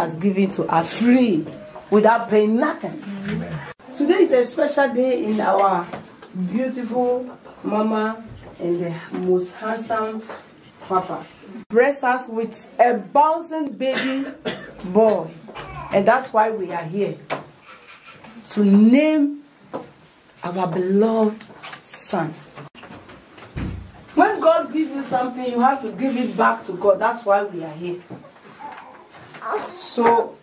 has given to us free without paying nothing. Today is a special day in our beautiful mama and the most handsome papa. Bless us with a bouncing baby boy. And that's why we are here to name our beloved son. When God gives you something, you have to give it back to God. That's why we are here. So,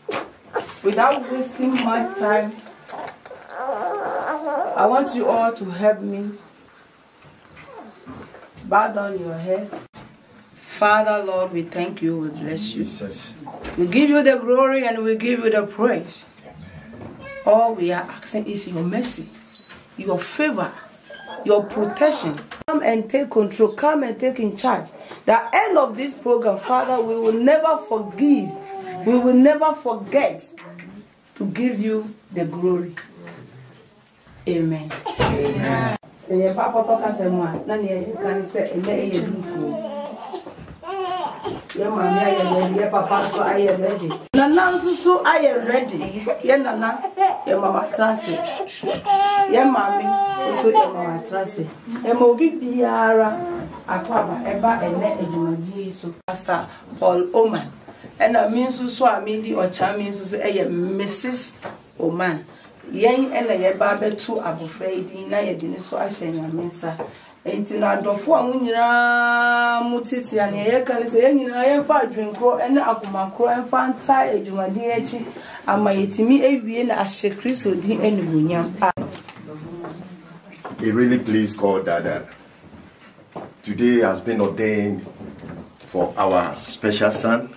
without wasting much time, I want you all to help me. Bow down your head. Father, Lord, we thank you. We bless you. Jesus. We give you the glory and we give you the praise. Amen. All we are asking is your mercy, your favor, your protection. Come and take control. Come and take in charge. The end of this program, Father, we will never forgive We will never forget to give you the glory. Amen. Amen. sɛ yɛba akɔtɔka sɛ mu a na neɛka ne sɛ ɛnɛ ɛyɛ dutuo yɛ maame ayɛ ready yɛ papa nso ayɛ ready nana nso so ayɛ ready yɛ nana yɛ mama tena ase yɛ maame nso yɛ mama tena ase ɛma obi biara akɔ aba ɛba ɛnɛ adwumadie yi so pastor paul oman ɛna mi nso so a mi di ɔkya mi nso so ɛyɛ mrs oman yɛn ɛna yɛba abɛto abɔfra yi din na yɛde ne so ahyɛ nyame nsa nti na adɔfo a mo nyinaa mo tete a nea yɛka ne sɛ yɛn nyinaa yɛmfa adwenkorɔ ɛne akomakorɔ ɛmfa nta adwumaden akyi ama yɛtumi awie na ahyɛ kristo din animuonyam It really please God that, that today has been ordained for our special son,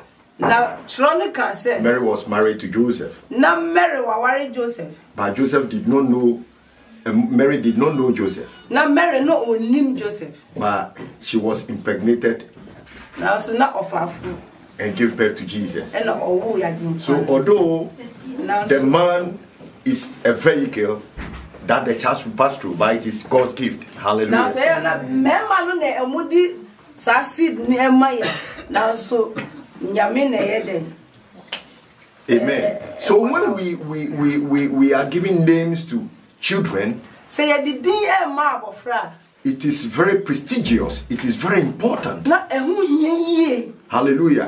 na twerɛ said mary was married to joseph na mary waware joseph but joseph did not know um, mary did not know joseph na mary no onim joseph but she was impregnated na so na ɔfaafo and gave birth to jesus And ɔwo yagyenkwa so although the man is a vehicle that the church will pass through but it is god's gift hallelujah Amen. Eh, so when we, we, we, we, we are giving names to children, it is very prestigious. It is very important. Hallelujah.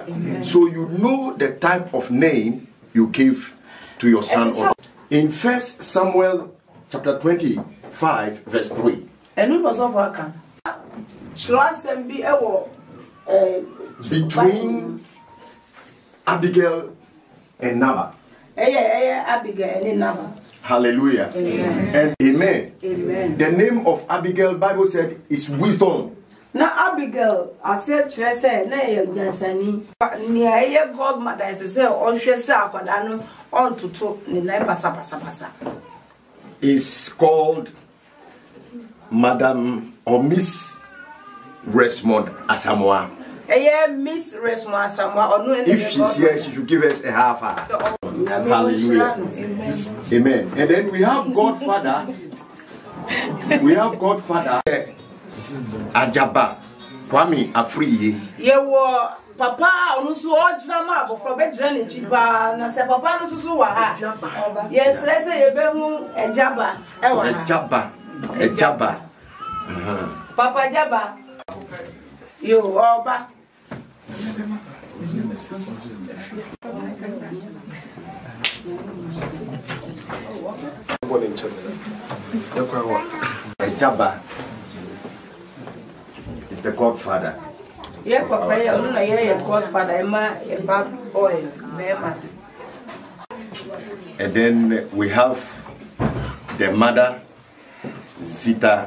Amen. So you know the type of name you give to your son or in First Samuel chapter 25 verse 3. Eh, Between Abigail and Naba. Abigail and Naba. Hallelujah. Amen. And amen. amen. The name of Abigail, Bible said, is wisdom. na abigail I said, ase kyerɛ sɛ na ɛyɛ nyansani nea ɛyɛ godmother ɛsɛ sɛ ɔnhwɛ to talk. no ɔntoto ne nan basabasabasa is called madam or miss resmond asamoah miss responsamoa if she's here she should give us a half hour so, oh, hallelujah amen and then we have godfather we have godfather ajaba kwame afriye. Yeah, yɛwɔ papa a ɔno nso ɔgyina mu abɔfra bɛgyina n'akyi paa na sɛ papa no nso so wɔ ha yɛsrɛ sɛ yɛbɛhu ɛjaba Ajaba. ha Ajaba. ɛjaba papa jaba. Yorùbá ọba. Ejaba is the godfather. Yeah, papa yẹ ọ̀nà yẹ yẹ godfather ẹ má boy bẹ́ẹ̀ ma. And then we have the mother Zita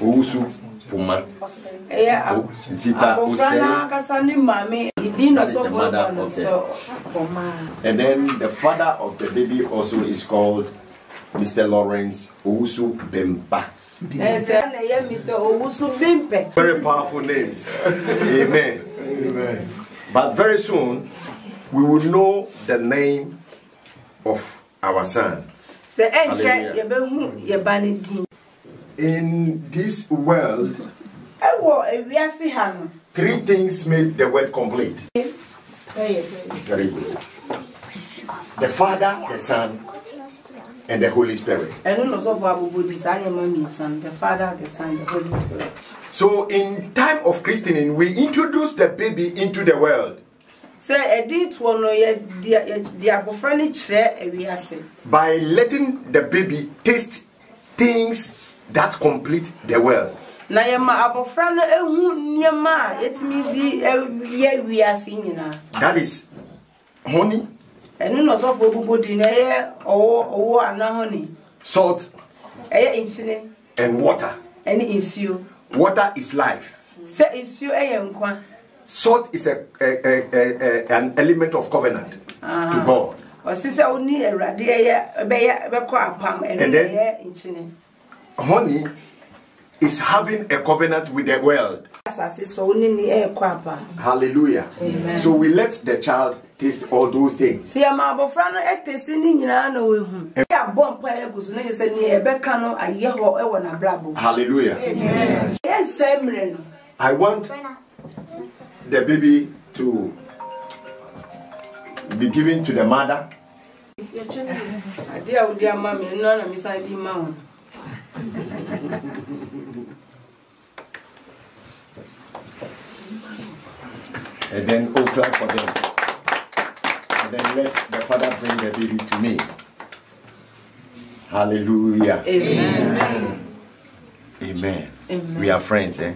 Owusu. Puma. Eh, ah, zita ah, And then the father of the baby also is called Mr. Lawrence Owusu Bemba. Very powerful names. Amen. Amen. But very soon, we will know the name of our son. Hallelujah in this world, three things made the world complete. Very good. The Father, the Son, and the Holy Spirit. The Father, the Son, the Holy Spirit. So in time of christening, we introduce the baby into the world. By letting the baby taste things that complete the world. na yɛma abɔfra no ehu nneɛma a di eh, yɛ wiase nyinaa. that is honey. ɛnu na ɔsɔfo ebubo di na ɛyɛ ɔwɔ ɔwɔ ana honey. salt. ɛyɛ nhyire. and water. ɛne nsuo. water is life. sɛ nsuo ɛyɛ nkwa. salt is a, a, a, a, an element of covenant uh-huh. to God. ɔsi sɛ honey is having a covenant with the world. Hallelujah. Amen. So we let the child taste all those things. Hallelujah. Amen. I want the baby to be given to the mother and then go oh, clap for them. And then let the father bring the baby to me. Hallelujah. Amen. Amen. Amen. We are friends, eh?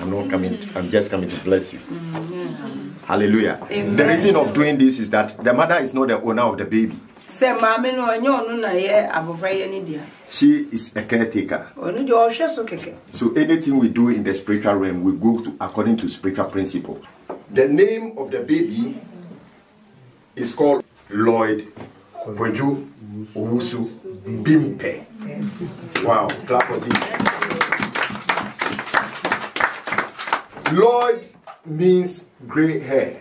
I'm not coming, I'm just coming to bless you. Amen. Hallelujah. Amen. The reason of doing this is that the mother is not the owner of the baby no she is a caretaker so anything we do in the spiritual realm we go to according to spiritual principle the name of the baby is called lloyd kweju owusu bimpe wow clap for jesus lloyd means gray hair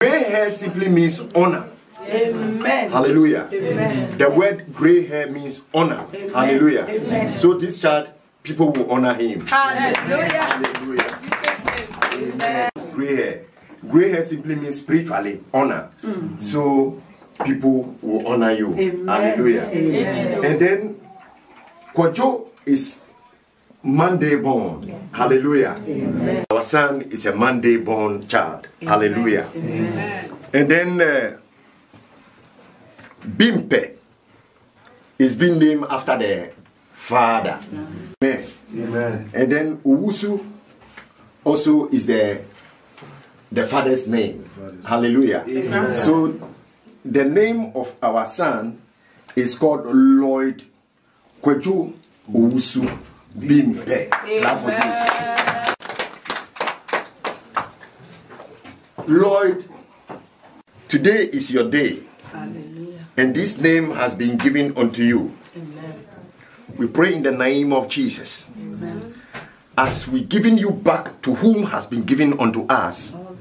gray hair simply means honor Amen. Hallelujah. Amen. The word gray hair means honor. Amen. Hallelujah. Amen. So this child, people will honor him. Hallelujah. Hallelujah. Gray hair. Gray hair simply means spiritually honor. Mm. So people will honor you. Amen. Hallelujah. Amen. And then Kwajo is Monday born. Yeah. Hallelujah. Amen. Our son is a Monday born child. Hallelujah. And then uh, Bimpe is being named after the father. Amen. Amen. And then Uwusu also is the the father's name. Hallelujah. Amen. So the name of our son is called Lloyd Kweju Uwusu Bimpe. Lloyd, today is your day. And this name has been given unto you. Amen. We pray in the name of Jesus. Amen. As we giving you back to whom has been given unto us, oh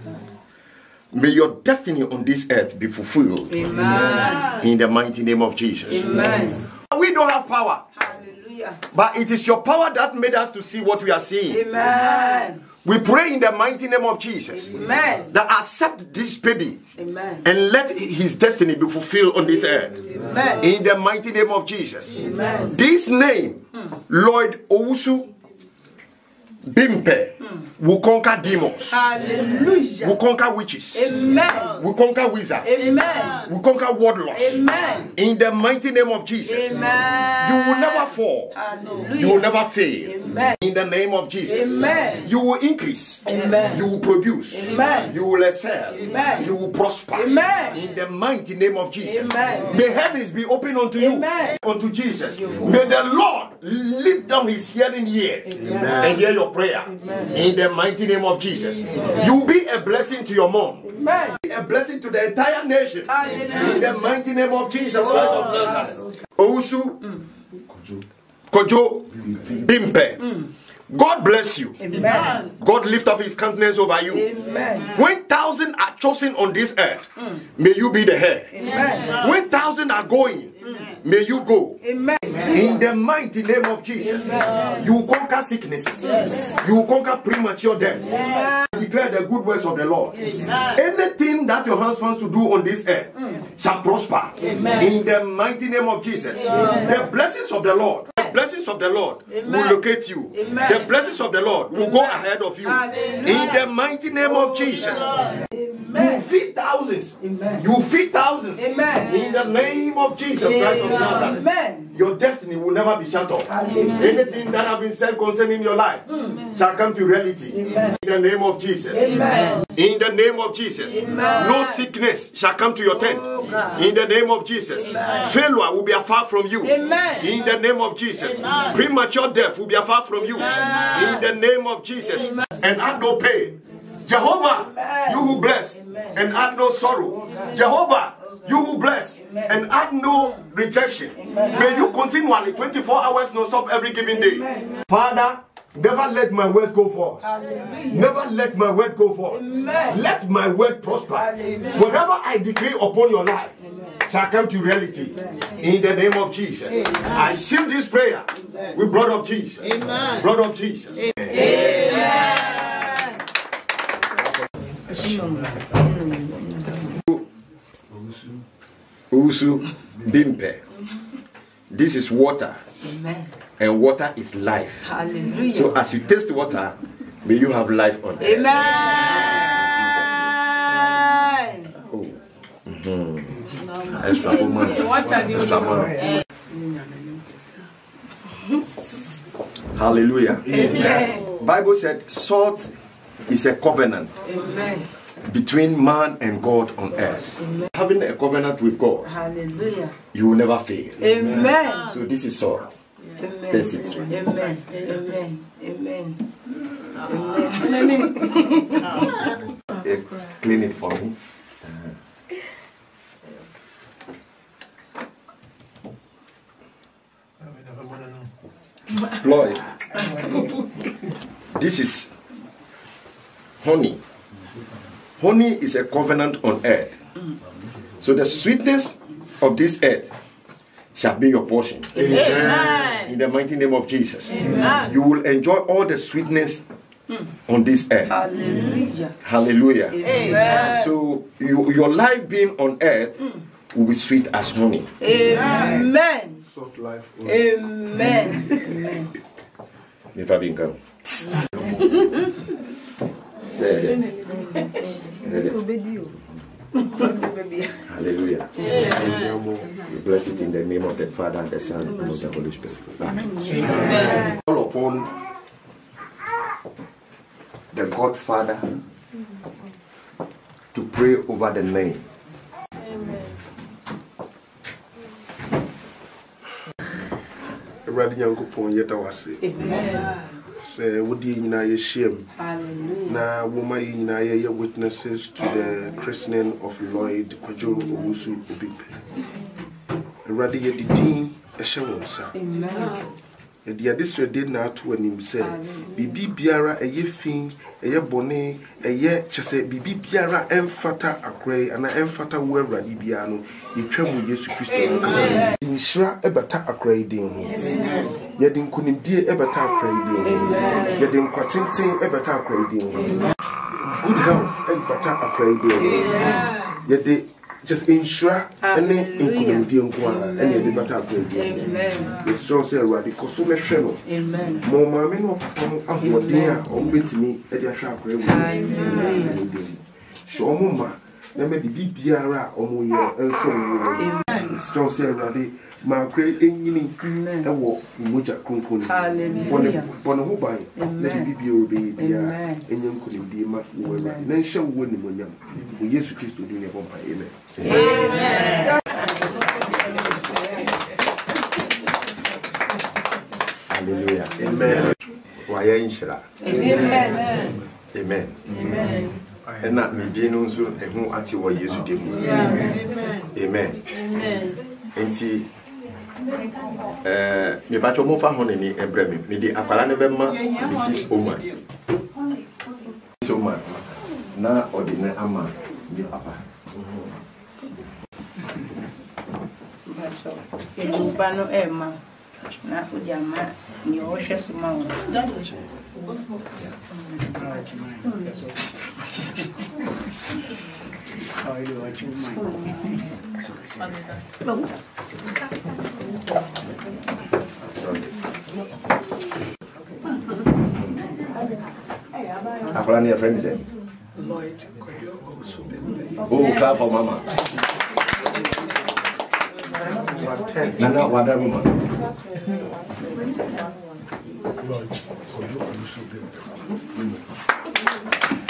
may your destiny on this earth be fulfilled. Amen. In the mighty name of Jesus. Amen. We don't have power. Hallelujah. But it is your power that made us to see what we are seeing. Amen. We pray in the mighty name of Jesus. Amen. That accept this baby. Amen. And let his destiny be fulfilled on this earth. Amen. In the mighty name of Jesus. Amen. This name, hmm. Lord Owusu Bimpe hmm. we will conquer demons. Hallelujah. Will conquer witches. Amen. Will conquer wizards. Amen. Will conquer warlocks. Amen. In the mighty name of Jesus. Amen. You will never fall. Hallelujah. You will never fail. Amen. In the name of Jesus. Amen. You will increase. Amen. You will produce. Amen. You will excel. Amen. You will prosper. Amen. In the mighty name of Jesus. Amen. May heavens be open unto you. Amen. Unto Jesus. May the Lord lift down his hearing ears Amen. and hear your prayer. Amen. In the mighty name of Jesus. Amen. You be a blessing to your mom. Amen. Be a blessing to the entire nation. Amen. In the mighty name of Jesus Christ of oh. Nazareth. Ousu. Kojo. Bimpe. God bless you. Amen. God lift up his countenance over you. Amen. When thousands are chosen on this earth, mm. may you be the head. Amen. When thousands are going, May you go. Amen. In the mighty name of Jesus, Amen. you conquer sicknesses. Yes. You conquer premature death. Yes. Declare the good words of the Lord. Yes. Anything that your hands wants to do on this earth mm. shall prosper. In the mighty name of Jesus, the blessings of the Lord blessings of the Lord Amen. will locate you. Amen. The blessings of the Lord will Amen. go ahead of you. In the mighty name of oh, Jesus. You feed thousands. You feed thousands. In the name of Jesus. Christ of Nazareth. Amen. Your destiny will never be shut off. Amen. Anything that has been said concerning your life Amen. shall come to reality. Amen. In the name of Jesus. In the name of Jesus. No sickness shall come to your tent. Oh, In the name of Jesus. Failure will be afar from you. In the name of Jesus. Premature death will be afar from you. In the name of Jesus. And add no pain. Jehovah, you who bless and add no sorrow. Oh, Jehovah, you will bless Amen. and add no rejection. Amen. May you continually, 24 hours, no stop every given day. Amen. Father, Never let my word go forth. Never let my word go forth. Let my word prosper. Hallelujah. Whatever I decree upon your life Amen. shall come to reality. Amen. In the name of Jesus. Amen. I seal this prayer with blood of Jesus. Amen. Blood of Jesus. Amen. Usu Bimpe. This is water. Amen. And water is life. Hallelujah. So as you taste water, may you have life on earth. Amen. Oh. Mm-hmm. Extra woman. Hallelujah. Amen. Bible said salt is a covenant. Amen between man and God on earth. Amen. Having a covenant with God, Hallelujah. you will never fail. Amen. Amen. So this is salt. Amen. That's Amen. Amen. Amen. Amen. Clean it for me. Uh-huh. Floyd, this is honey. Honey is a covenant on earth. So the sweetness of this earth shall be your portion. Amen. In the mighty name of Jesus. Amen. You will enjoy all the sweetness on this earth. Hallelujah. Hallelujah. Amen. So you, your life being on earth will be sweet as honey. Amen. Soft life. Amen. Amen. If I Hallelujah. We bless it in the name of the Father and the Son and of the Holy Spirit. Call upon the Godfather to pray over the name. yet our Amen. sɛ wode yɛ nyinaa yɛhyia mu na woma yɛ nyinaa yɛyɛ witnesses to the christening of lloyd kwadwo owusu obi pɛ awurade yɛde din ɛhyɛ wo nsa yɛde adesrɛde na ato anim sɛ biribi biara ɛyɛ fi ɛyɛ bɔne ɛyɛ kyɛ sɛ biribi biara ɛmfata akora yi anaa ɛmfata wo awurade biara no yɛtwa mu yesu kristo no kasa nhyira ɛbɛta akora yi den ho yɛde nkonimdie ɛbɛta akora yi din ho yɛde nkwatenten ɛbɛta akora yi din ho good health ɛbɛta akora yi din ho yɛde just nsura ɛne nkonimdie nko ara ɛne yɛde bɛta akora yi din ho yɛsrɛ sɛ awurade kɔ so mɛhwɛ no ma ɔmaame ne ɔpapa no ahoɔden a ɔmo bɛtumi ɛde ahwɛ akora yi wɔ mu hyɛ ɔmo ma na ma biara a ɔmo yɛ ɛnso wɔn mu yɛsrɛ sɛ awurade maakora ɛnyini ɛwɔ mmogya kronkron no bɔne ho ban na biribi biara bɛyɛ biara ɛnyɛ nkonimdie ma wɔ awurade na nhyɛ wowɔ nimonyam wɔ yesu kristo din yɛbɔ mpa amen Hallelujah. Amen. Wayɛ nhyira. Amen. ɛna mebie no nso ɛho ate wɔ yesu de amen nti ɛɛ mibatɔ mo fa ho ne ni ɛbrɛ mi mi di akwara ne bɛ ma mrs omar mrs omar na ɔdi ne ama ne papa. ɛdi ba no ɛɛma na wòdi ama ni ɔhwɛ so ma wò. Thank Afalani, your friend is eh? Oh, clap for mama. Nana, Wada woman. Lloyd Koyo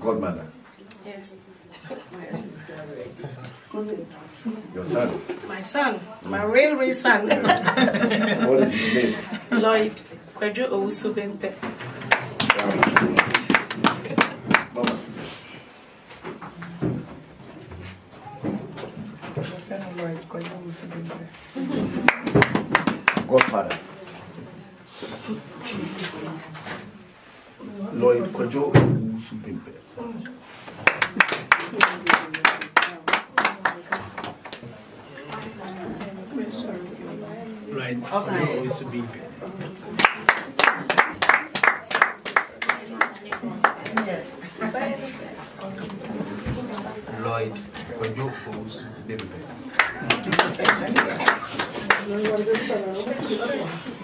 Godmother. Yes. Your son? My son, my real son. what is his name? Lloyd Kwejo Owusu Bente. Mama. Godfather. Lloyd Kwajo Sumpimpe. Right, Kwajo Sumpimpe. Lloyd Kwajo Sumpimpe.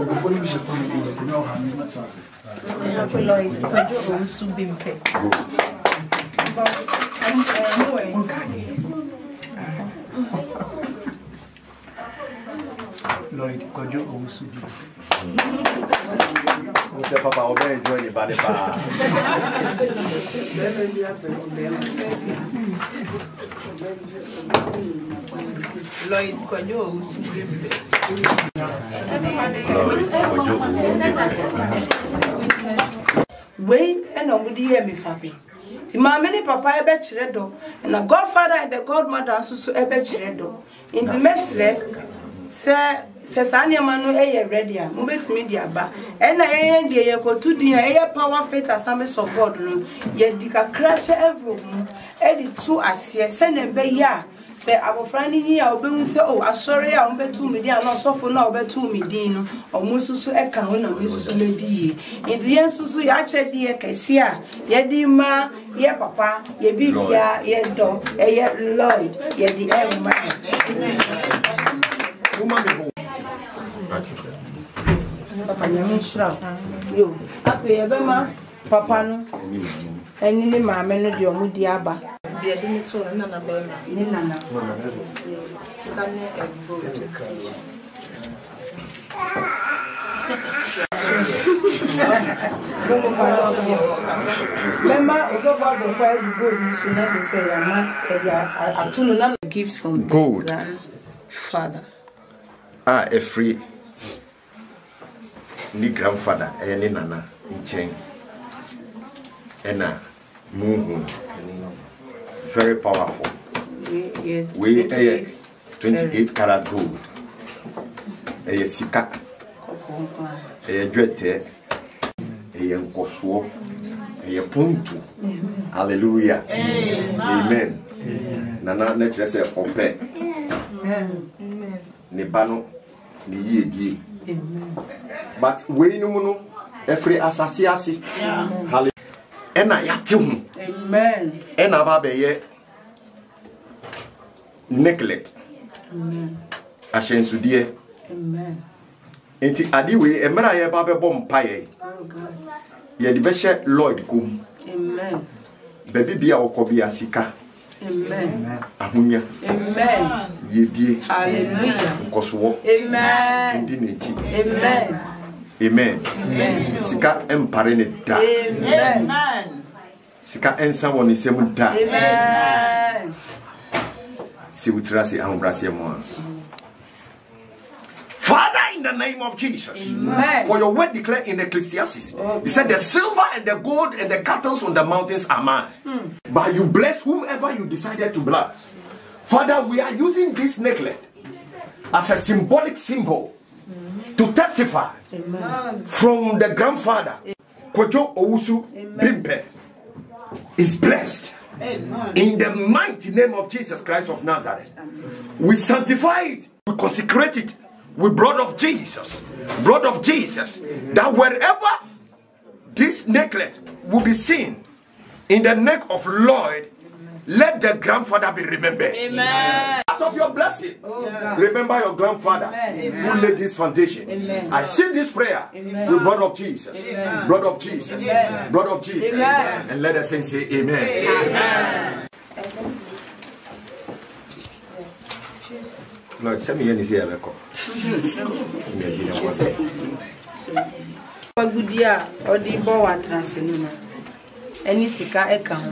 obufuni bushikumirire kuno hanyuma Thank you. Lloyd Kojo Owusubi. Mo sẹ papa ọbẹ̀ ìjọ yìí balẹ̀ pa. Lloyd Kojo Owusubi. Lloyd Kojo Owusubi. Wei ɛna ɔmo de yɛ mi fa bi nti maame ne papa ɛbɛkyerɛ dɔ na godfather and the godmother nso so ɛbɛkyerɛ dɔ nti mɛsrɛ sɛ. sɛ saa nneɛma no yɛ ready a mobɛtumi de aba ɛna ɛyɛ deɛ yɛkɔto din a ɛyɛ power faith assemblies of god no yɛde kakra hyɛ avro mu de to aseɛ sɛnea ɛbɛyɛ a sɛ abɔfra no nyi a wɔbɛhu sɛ o oh, asɔre a wɔbɛtu mi din anaa ɔsɔfo no a wɔbɛtu mi din no ɔmo nso so ka ho na ɔmo nso na bɛdi yie nti yɛn nso so yɛakyɛdeɛ kɛseɛ a yɛde ma yɛ papa yɛbi bia yɛ dɔ ɛyɛ lloyd yɛde ɛma papa nyame nhyira wo yo afei yɛbɛma papa no ɛne ne maame no deɛ ɔmo di aba deɛde ne too no nana bɛrima ne nana sika ne na kyɛ sɛ yɛama ɛde ato no na gifts from a ɛfiri ne grandfather ɛyɛ ne nana nkyɛn ɛna muhu very powerful wei ɛyɛ eight carat gold ɛyɛ sika ɛyɛ dwetɛ ɛyɛ nkɔsoɔ ɛyɛ pontu hallelujah amen nana na kyerɛ sɛ ɔpɛ ne ba no ne yiedie but weinom no ɛfiri asase ase ɛna yɛate ho ɛna aba abɛyɛ neglect ahyɛnsodeɛ nti ade wei mmerɛ a yɛba bɛbɔ mpaeɛ yɛde bɛhyɛ lord kom baabi bia wɔkɔ bia sika ahonya yedie nkɔsowɔ ndi n'ekyi amen sika mpare ne da sika nsa wɔ ne nsam da sɛ wotiri ase ahobraseɛ mu a Father, in the name of Jesus, Amen. for your word declared in Ecclesiastes, okay. Oh, he said, The silver and the gold and the cattle on the mountains are mine. Hmm. But you bless whomever you decided to bless. Father, we are using this necklace as a symbolic symbol mm. to testify Amen. from the grandfather, Kojo Ousu Bimpe, is blessed. Amen. In the mighty name of Jesus Christ of Nazareth, Amen. we sanctify it, we consecrate it with blood of Jesus. Blood of Jesus. That wherever this necklet will be seen in the neck of Lloyd, let the grandfather be remembered. Amen. Out of your blessing, oh, remember your grandfather Amen. who laid this foundation. Amen. I say this prayer Amen. with blood of Jesus, Amen. blood of Jesus, Amen. blood of Jesus, and let us say Amen. Amen. na sɛ meyɛ ne sɛ yɛbɛkɔ wagudi a ɔde bɔ wɔ atrase no mu ɛne sika ɛka ho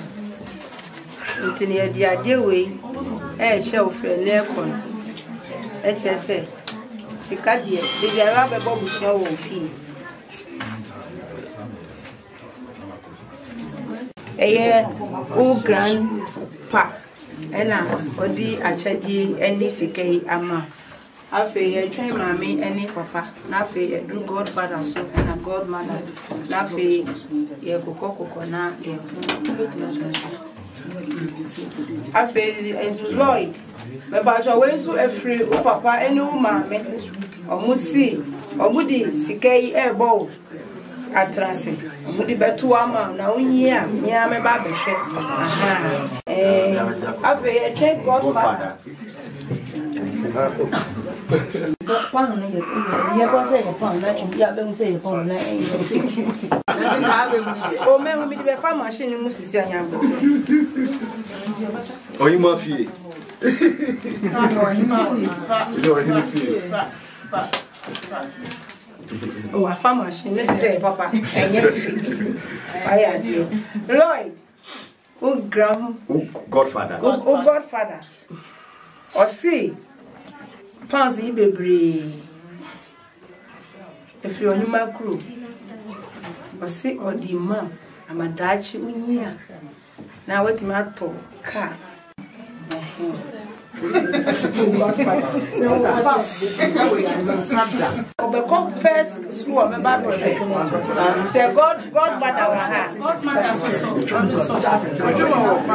nti no yɛde adeɛ wei ɛɛhyɛ wo fɛ ne ɛkɔ no ɛkyerɛ sɛ sika deɛ bebiara abɛbɔ busua wɔ fie ɛyɛ wo grandpa ɛna ɔde akyɛdeɛ ne sika yi ama afei yɛtwɛn maame ne papa na afei yɛdu godfather so ɛna godmother na afei yɛkokɔ kokɔ na yɛho afei ɛzuzɔe mɛbakyɛ wei nso afiri wo papa ne wo maame ɔmo sii ɔmo de sika yi wo atrase mode bɛto ama na wonyi a nyinaa mɛba abɛhwɛ eh, afei yɛtwɛ godfather Pan no yɛ yɛ kɔ sɛ yɛ pan na twɛn bi a bɛ mu sɛ yɛ pan na fi. O mɛ mu bi de bɛ fa machine mu sisi a nyagbɛ. Ɔyin ma fi ye. Ɔyin ma fi ye. fi ye. oh afa machine ne sɛ papa ɛnyɛ ayɛ adeɛ lloyd Who grand Who godfather Who godfather ɔse pounds yi bebree ɛfiri ɔnwoma kuro ɔse ɔde ma amadaakye wonyi a na watumi atɔ kaa Ọbẹ̀kọ́ first school ọ̀mẹ́ bá bẹ̀rẹ̀ sẹ God God mother wa ha. God mother soso ọdún soso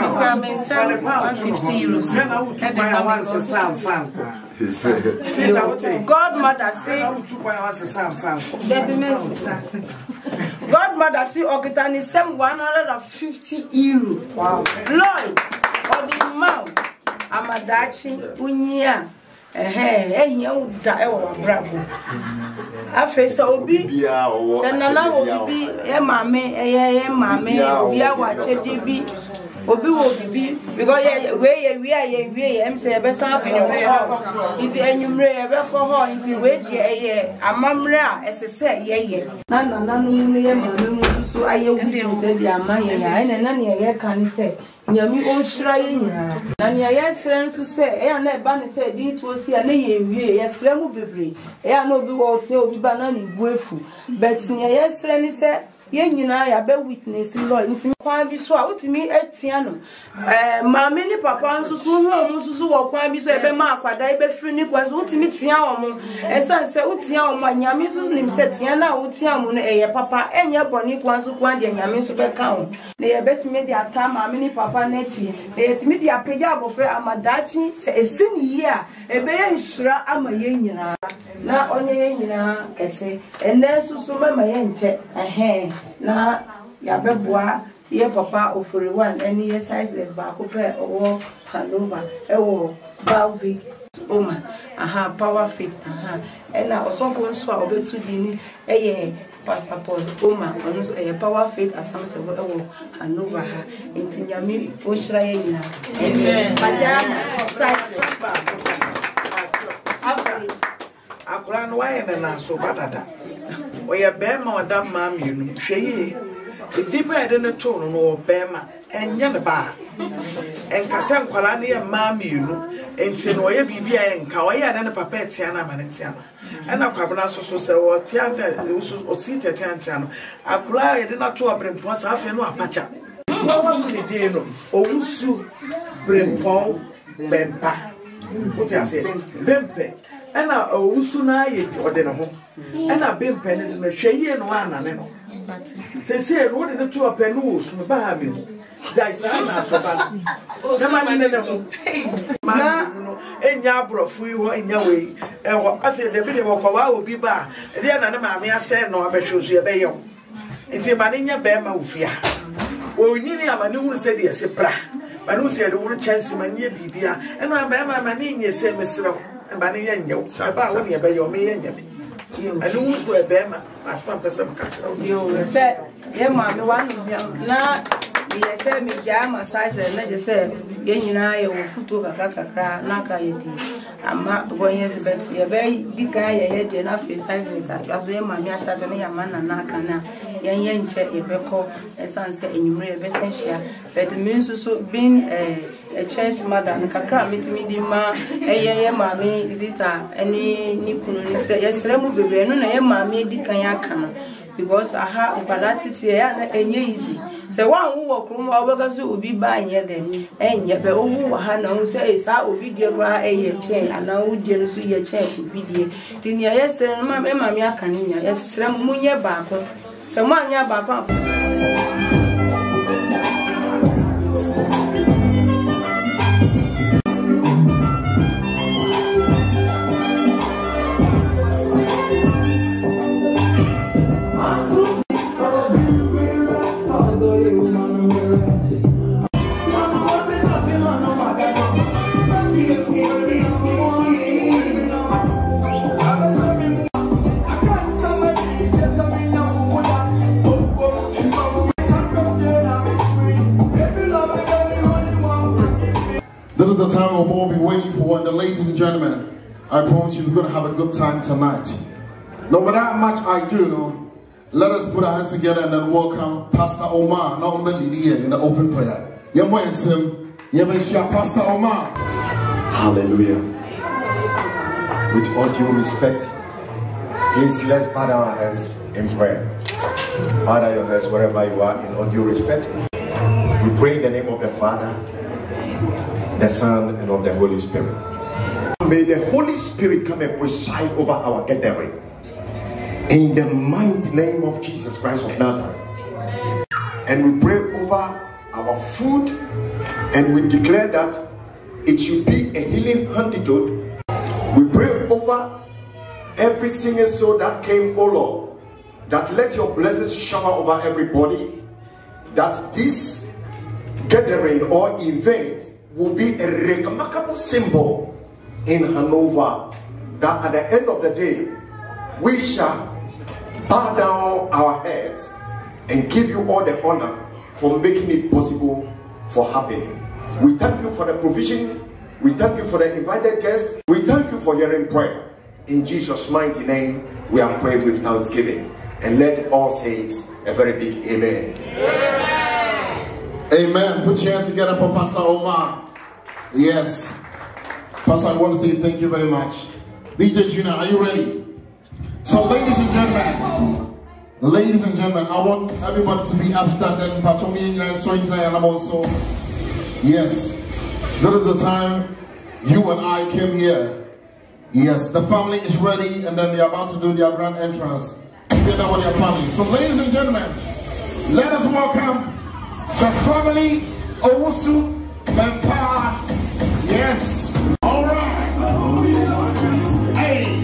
ìgbàmẹ̀ sẹ́wọ̀n one fifty euros ẹ̀dẹ̀ bá mi lọ. Godmother say Godmother say Godmother, ni Godmother, one hundred and fifty euro. Wow. Lord, ọ̀dìmọ̀ amadakye wonyi a ɛhia wo da ɛwɔ wabrabɔ afei sɛ obi sɛ nana wɔ bibi yɛ maame ɛyɛ yɛ maame obi awɔ akyɛgye bi obi wɔ obibi because yɛ wei yɛ wi a yɛ e, e, wi yɛ ɛm sɛ yɛbɛsan akɔ hɔ nti enyimire yɛbɛkɔ hɔ nti wei deɛ ɛyɛ amammerɛ a ɛsɛ sɛ yɛyɛ. na nananom ne yɛ maame mu nso ayɛ wi ne sɛ deɛ ama yɛ yɛ ɛna na nea yɛka ne sɛ nyame ɔnhyira yɛ nyinaa na nea yɛsrɛ nso sɛ ɛyɛ na ɛba ne sɛ din tuo si a ne yɛwie yɛsrɛ mu bebree ɛyɛ na obi wɔ ɔteɛ obi ba na ne bu efu but nea yɛsrɛ ne sɛ ye nyinaa yɛabɛ witness lɔ ntumi kwan bi so a wotumi atia no eh, maame ni papa nso so ho ɔmo nso so wɔ kwan bi so ɛbɛma akwadaa ɛbɛfiri ne kwan so wotumi tia wɔn ɛsan sɛ wotia wɔn a nyame nso nim sɛ tia no a wotia wɔn no ɛyɛ papa ɛnyɛ bɔne kwan so kwan deɛ nyame nso bɛka ho na yɛbɛtumi de ata maame ni papa n'akyi na yɛtumi de apagya abɔfra amadaakye sɛ esi ne yie a ɛbɛyɛ nhyira ama yɛn nyinaa na onye yɛn nyinaa kese ɛnɛ nso so mɛma yɛn nkyɛ ɛhɛn. na yɛabɛboa yɛ papa ofori one ɛne yɛ sizes baako pɛ ɔwɔ hanova ɛwɔ balvic oma aha power fit aha ɛna ɔsɔfo nso a ɔbɛtu di ni ɛyɛ passport oma ɔno nso ɛyɛ power fit asamsɛbɔ ɛwɔ hanova ha nti nyame ɔhyira yɛ nyinaa akwaraa no wayɛ ne nanso ba dada ɔyɛ bɛrima ɔda mmaa mmienu hwɛ yie ɛdi bɛɛ de ne too no no wɔ bɛrima ɛnyɛ ne baa nkasa nkwaraa no yɛ mmaa mmienu nti no ɔyɛ biribi a ɛnka ɔyɛ ɛdɛ ne papa ɛtia no ama ne tia no ɛna kwabena nso so sɛ ɔtia ɔsi tɛtia ntia no akwaraa yɛde no ato ɔbrempɔn saa afei no apakya ɔwɔ mu ne din no ɔwusu brempɔn bɛmpa wote aseɛ bɛmpɛ ɛna owusu na ayɛ di ɔde ne ho mm. ɛna bempɛ ne de no hwɛ yie no anane no sesie no wode ne to ɔpɛ no wɔ baa mi mu gyae saa na asɔba no na ma ne ne ho na ɛnya aborɔfo yi hɔ ɛnya wei ɛwɔ afei dɛbi deɛ wɔkɔwaa obi ba a ɛdeɛ na ne maame asɛe no abɛhwɛ so yɛbɛyɛ wo nti ma ne nyɛ bɛrima wo fia onyini a ma ne hunu sɛdeɛ ɛse pra ma ne hu sɛ yɛde woro kyɛnse ma ne yɛ biribia ɛna bɛrima ma ne nyɛ sɛ mesrɛ ɛba ne yɛ nyɛw ɛba a wone yɛbɛyɛ ɔme yɛ nyɛ me ɛno wo so ɛbɛɛma asoma mpɛ sɛ mka kyerɛ wo yɛ na yɛ sɛ megyaa ma saa sɛ na kyɛ sɛ yɛn nyinaa yɛwɔ fotuo kakrakakra na aka yɛdi ama bɔnyɛ sɛ bɛt yɛbɛdi kan yɛyɛ deɛ na afei saa sɛ yɛsatoa so yɛ maame ahyɛ sɛ ne yɛama nana aka no a yɛnyɛ nkyɛ yɛbɛkɔ ɛsiane sɛ anwummerɛ yɛbɛsɛ hyia but me nso so bin a church mother no kakra a ma ɛyɛ yɛ maame zita ne ne kunu no sɛ yɛsrɛ mu bebree no na yɛ maame adi kan aka no because aha nkwadaa tete ya na enye izi sɛ wanwu wɔ kurom a wɔbɛka sɛ obi ba nyɛ dɛ ɛnyɛ bɛ owu wɔ ha na ohun sɛ saa obi deɛ koraa ɛyɛ kyɛn anaa owu deɛ no nso yɛ kyɛn obi deɛ nti nea yɛsrɛ no maame maame aka ne nya yɛsrɛ mo nyɛ baako. 什么你要把放？This is the time we've all been waiting for. And the ladies and gentlemen, I promise you, we're going to have a good time tonight. Now, without much ado, no, let us put our hands together and then welcome Pastor Omar, not only Lydia, in the open prayer. Pastor Omar. Hallelujah. With all due respect, please let's bow our heads in prayer. Bow down your heads wherever you are in all due respect. We pray in the name of the Father, the Son, and of the Holy Spirit. May the Holy Spirit come and preside over our gathering. In the mighty name of Jesus Christ of Nazareth. And we pray over our food and we declare that it should be a healing antidote. We pray over every single soul that came, O Lord, that let your blessings shower over everybody, that this gathering or event will be a remarkable symbol in Hanover that at the end of the day, we shall bow down our heads and give you all the honor for making it possible for happening. We thank you for the provision. We thank you for the invited guests. We thank you for hearing prayer. In Jesus' mighty name, we are praying with thanksgiving. And let all saints a very big amen. Amen. amen. Put your hands together for Pastor Omar. Yes. Pastor, I want to say thank you very much. DJ Junior, are you ready? So ladies and gentlemen, ladies and gentlemen, I want everybody to be upstanding. Patomi and so and I'm also. Yes. That is the time you and I came here. Yes, the family is ready and then they're about to do their grand entrance together with their family. So ladies and gentlemen, let us welcome the family Owusu Mempa Yes. All right. Hey.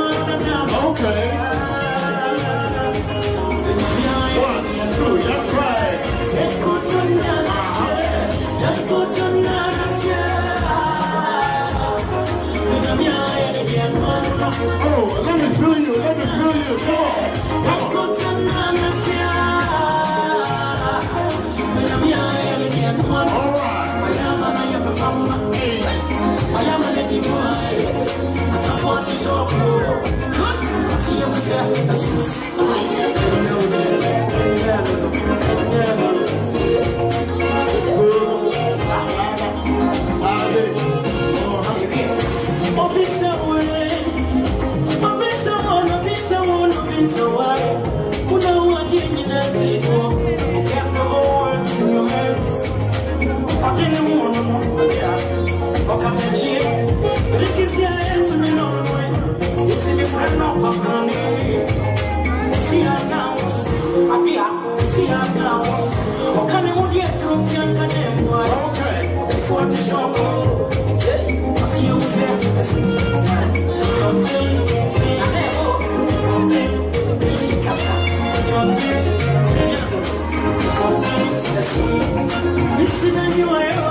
Look at the Listen and you are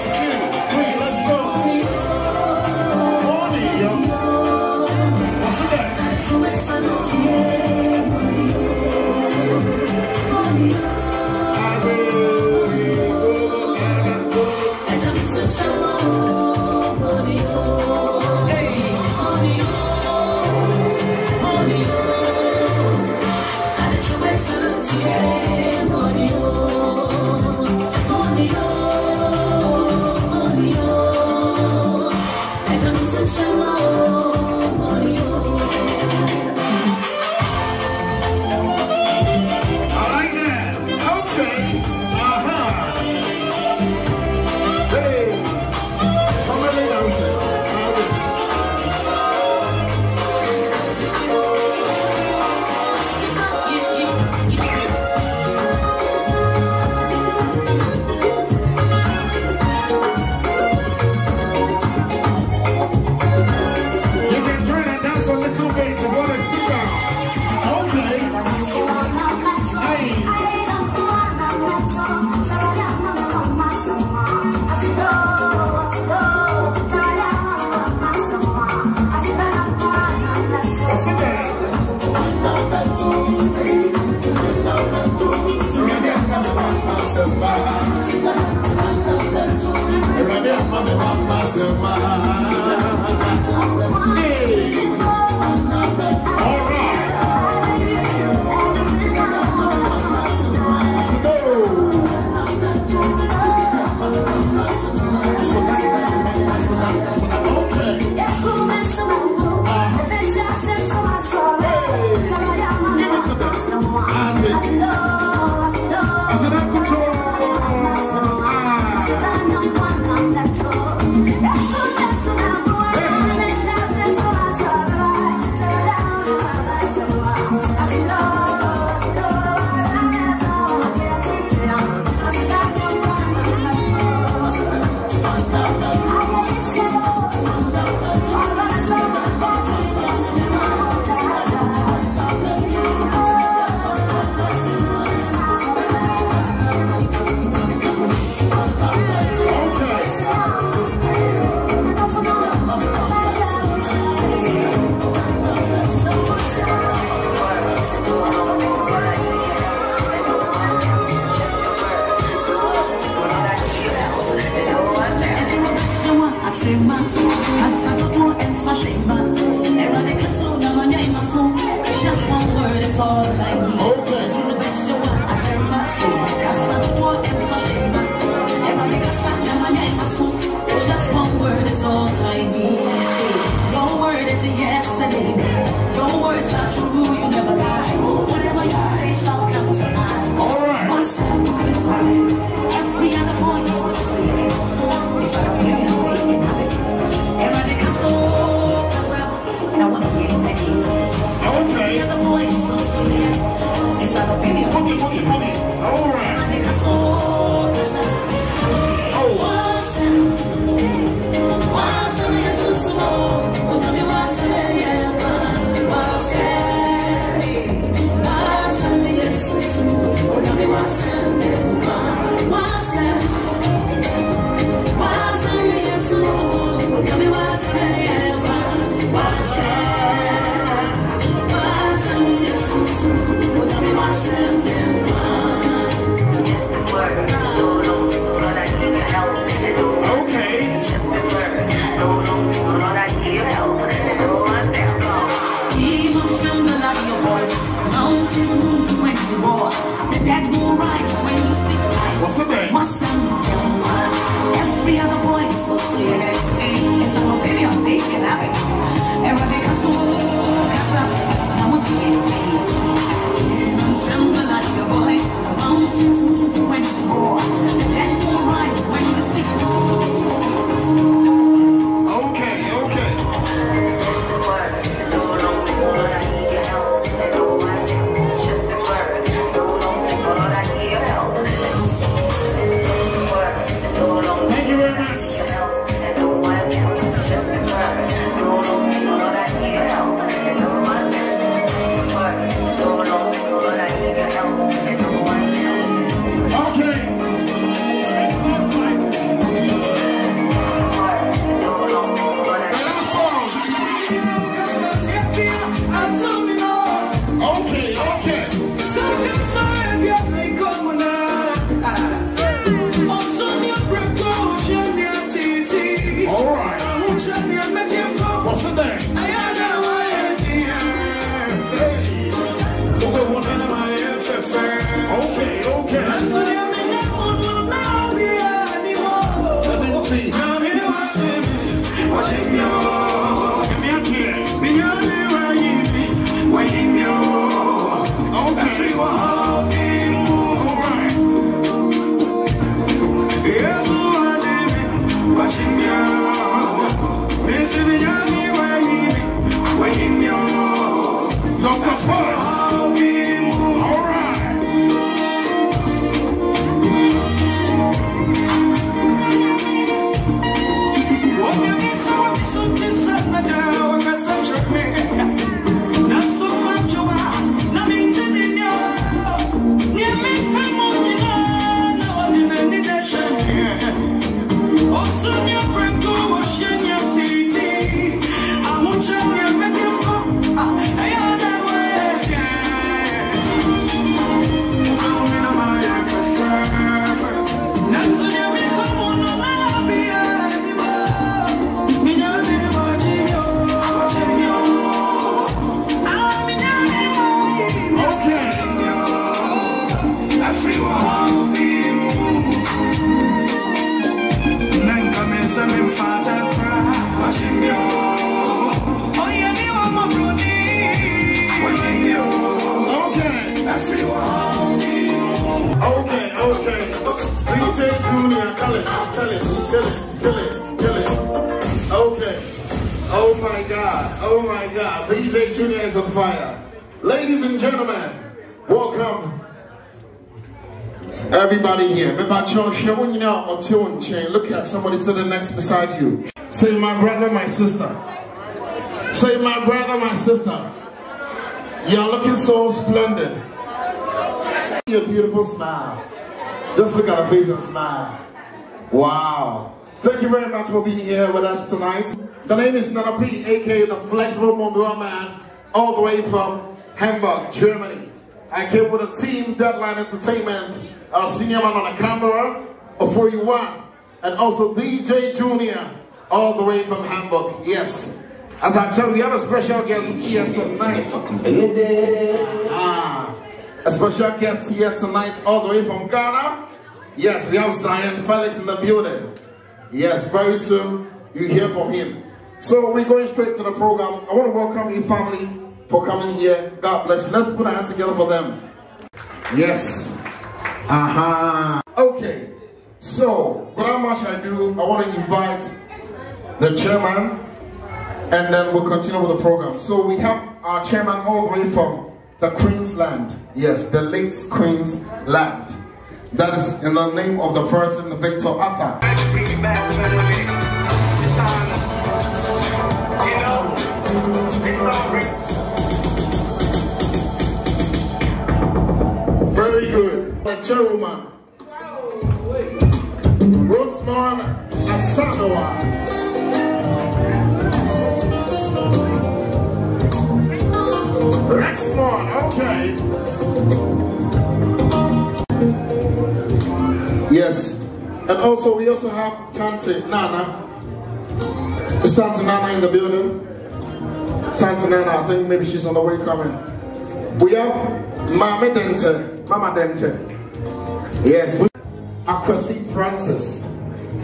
and Look at somebody to the next beside you. Say, my brother, my sister. Say, my brother, my sister. You're looking so splendid. Your beautiful smile. Just look at her face and smile. Wow. Thank you very much for being here with us tonight. The name is Nana P, aka the Flexible Mobile Man, all the way from Hamburg, Germany. I came with a team, Deadline Entertainment, our senior man on the camera, 41 and also DJ Junior, all the way from Hamburg. Yes. As I tell you, we have a special guest here tonight. Ah, a special guest here tonight, all the way from Ghana. Yes, we have Zion Felix in the building. Yes, very soon you hear from him. So we're going straight to the program. I want to welcome you family for coming here. God bless you. Let's put our hands together for them. Yes. Uh-huh. Okay. So, without much ado, I want to invite the chairman and then we'll continue with the program. So we have our chairman all the way from the Queensland. Yes, the late Queensland. That is in the name of the person, Victor Arthur. Very good. The chairwoman, Rosemond Asanoa. Rexmond, okay. Yes. And also, we also have Tante Nana. Is Tante Nana in the building? Tante Nana, I think maybe she's on the way coming. We have Mama Dente. Mama Dente. Yes. Akwesi Francis.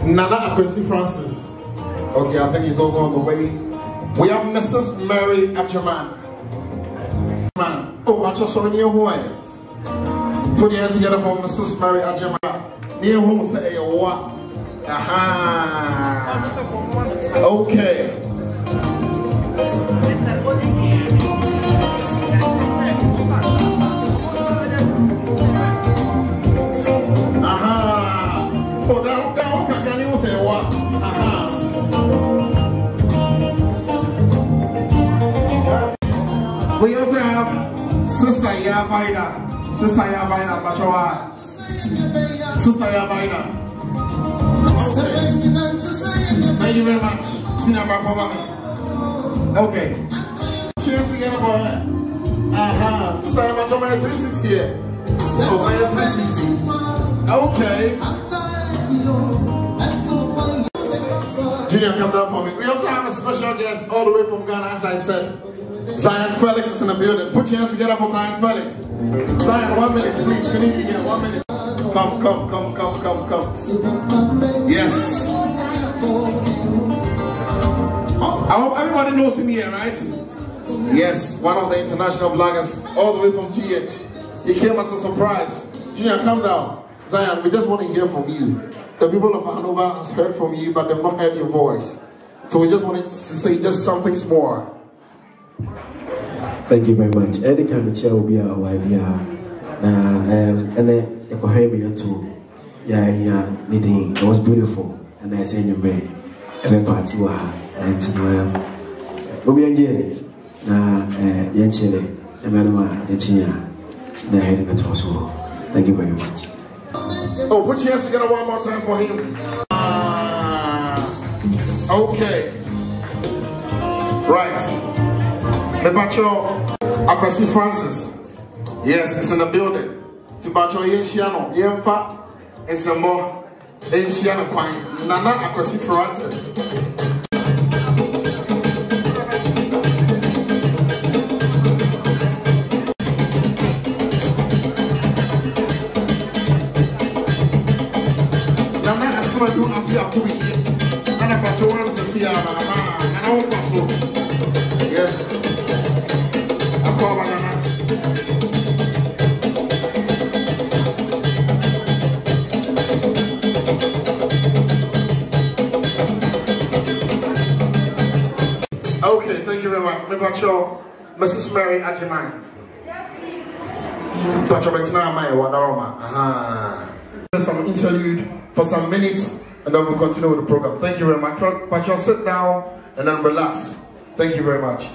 Nana Akwesi Francis. Okay, I think he's also on the way. We have Mrs. Mary Achaman. Man, oh, I just saw you Hawaii. Put your hands together for Mrs. Mary Achaman. Near home say a oh, what? Aha. Okay. Sister Yavaina. Sister Yavaina Bachawa. Sister Yavaina. Okay. Thank you very much. Okay. Cheers again boy. her. Uh-huh. Sister Bachawa 360. Okay. come down for me. We also have a special guest all the way from Ghana, as I said. Zion Felix is in the building. Put your hands together for Zion Felix. Zion, one minute, please. We need to get one minute. Come, come, come, come, come, come. Yes. I hope everybody knows him here, right? Yes, one of the international bloggers, all the way from GH. He came as a surprise. Junior, come down. Zion, we just want to hear from you. The people of Hanover has heard from you, but they've not heard your voice. So we just wanted to say just something small. Thank you very much. Ɛde ka no kyerɛ obi a ɔwa bi a na ɛnɛ ɛkɔhwɛ too. Yeah, yeah, ne It was beautiful ɛna ɛsɛ enyimrɛ and ati wɔ ha ɛnti And obi agye yɛ na yɛnkyerɛ ɛmɛrima ɛkyi a na ɛyɛ ne bɛtɔ so. Thank you very much. Oh, put your hands together one more time for him. Uh, okay. Right. Lebacho Akwasi Francis. Yes, it's in the building. Tibacho Yeshiano. Yemfa. It's a more. Yeshiano. Nana I Akwasi Francis. Okay, thank you very much. Maybe I'll Mrs. Mary Ajimai. Yes, please. Dr. Bettina Amaya Wadaroma. Some interlude for some minutes and then we'll continue with the program. Thank you very much. But you'll sit down and then relax. Thank you very much.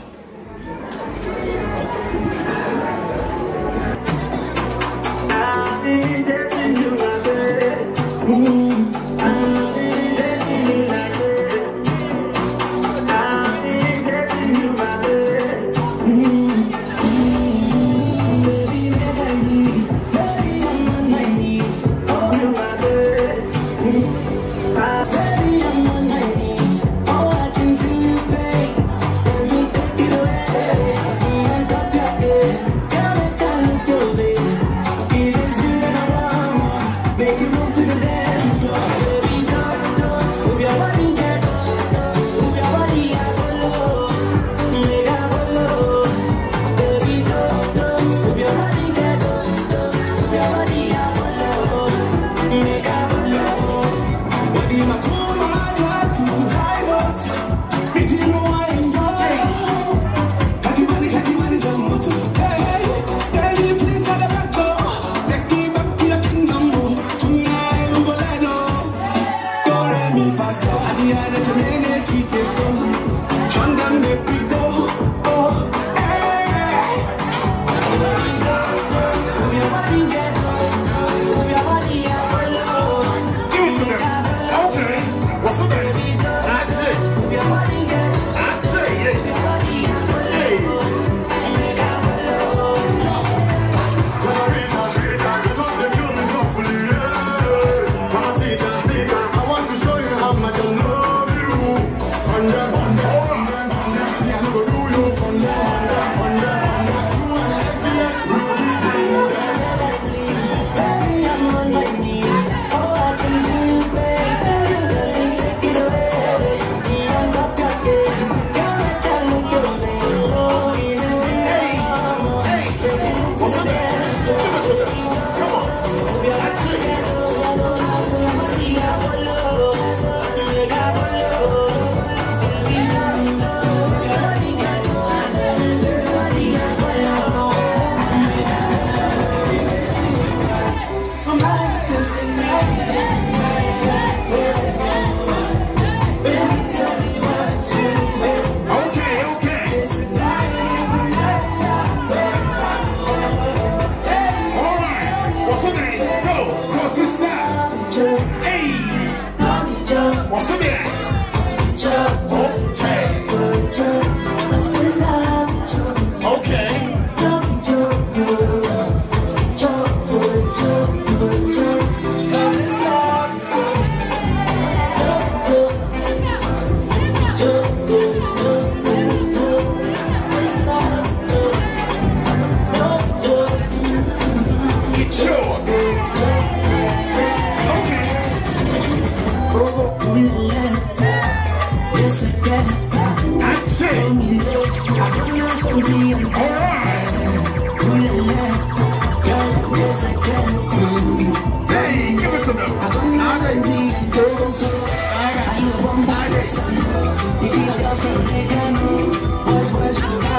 If you love from Legano, was was Rugani,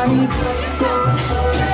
go, go,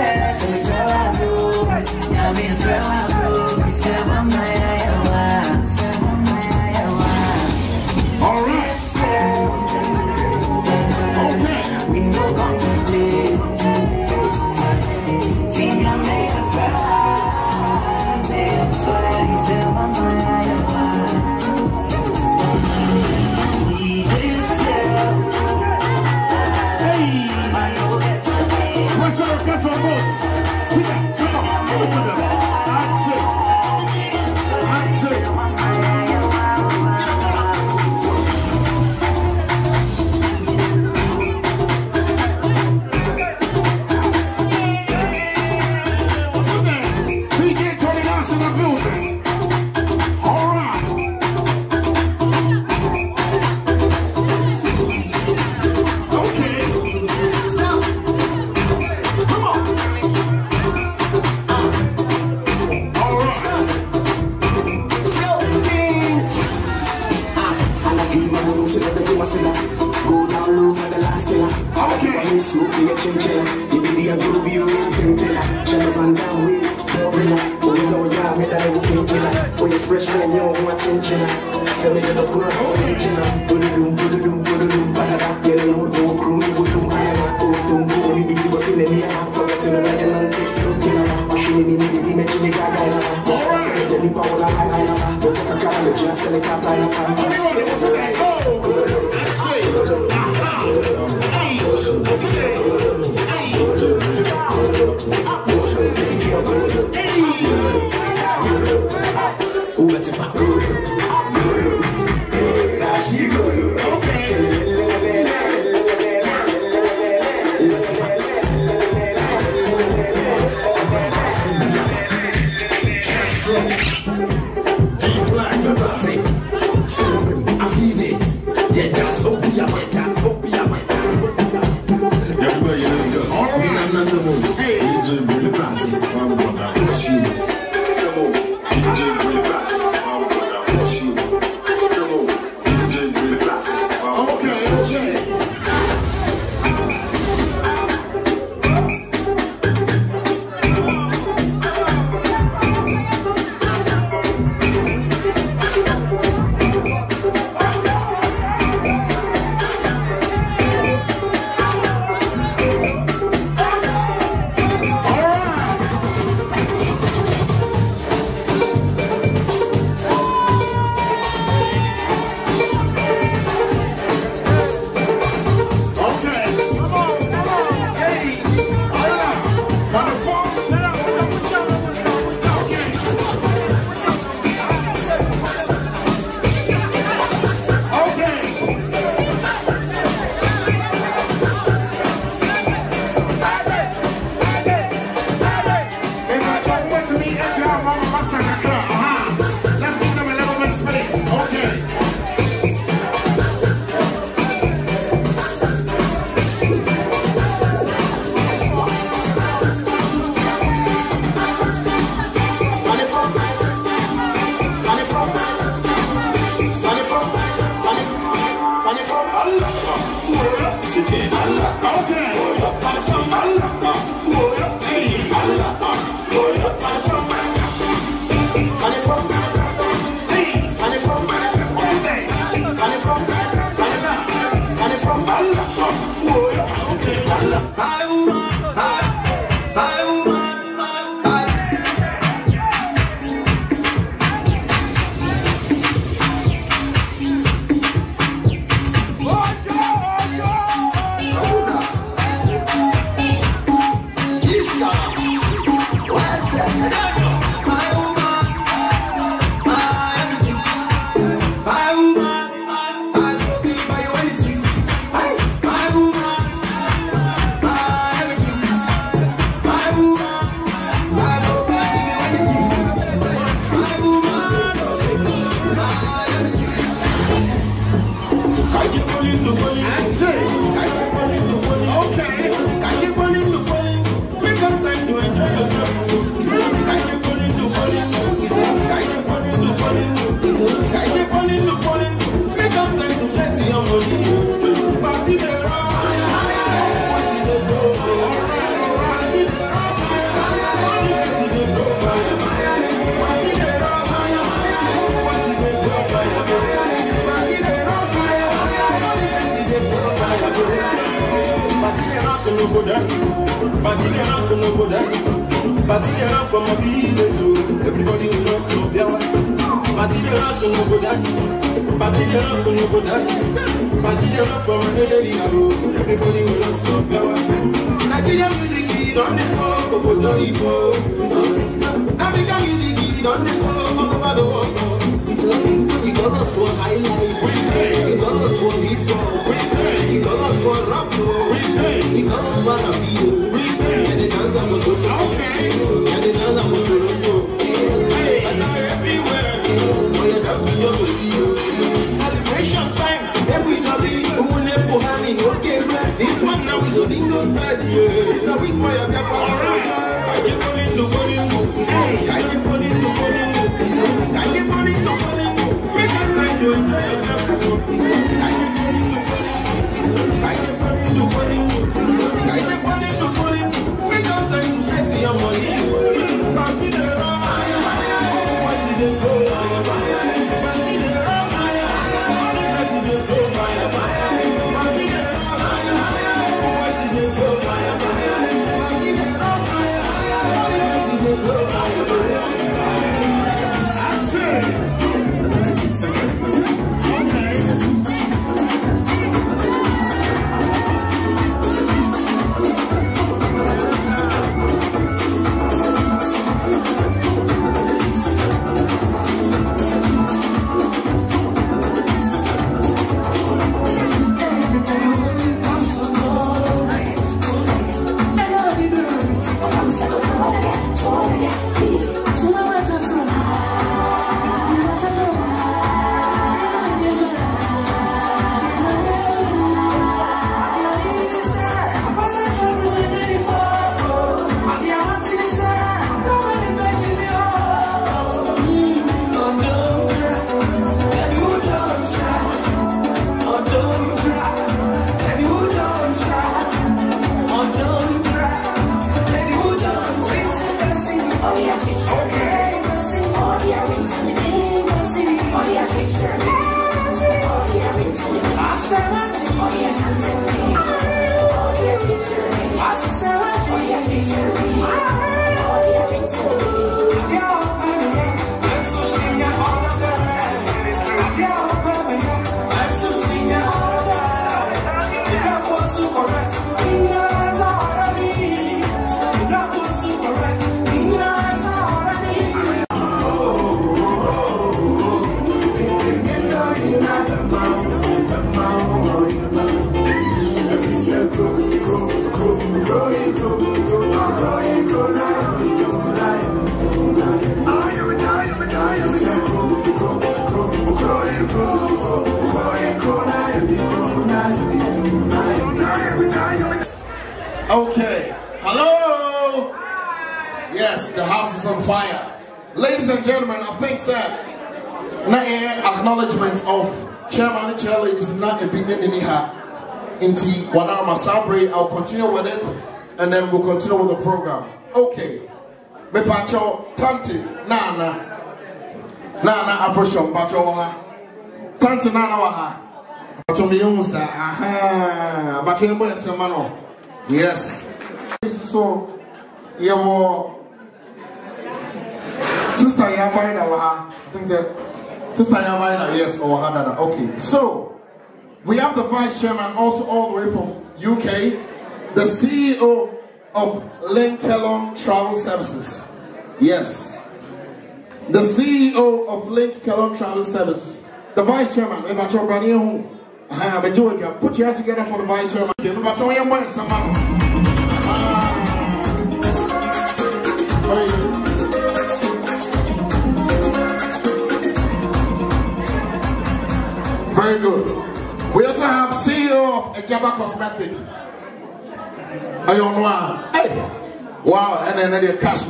right. Okay. Hello. Yes, the house is on fire. Ladies and gentlemen, I think that na acknowledgement of chairman Charlie is not a big anyhow. Inti Wanama Sabri, I'll continue with it and then we'll continue with the program. Okay. Me pacho tante nana nana afroshom pacho waha tante nana waha to me almost aha but you know boy say man yes so you know, sister you have married our i think that sister you have married yes or her okay so we have the vice chairman also all the way from uk the ceo of Linkelon travel services yes the ceo of Link Linkelon travel service the vice chairman Ebacho Branier abegye wɔ adwa put your hands together for the vice chairman deɛ no batɔ wɔyɛ mmɔ nsɛm ano Very good. We also have CEO of Ejaba Cosmetics. Ayonwa. Hey. Wow, and then they cash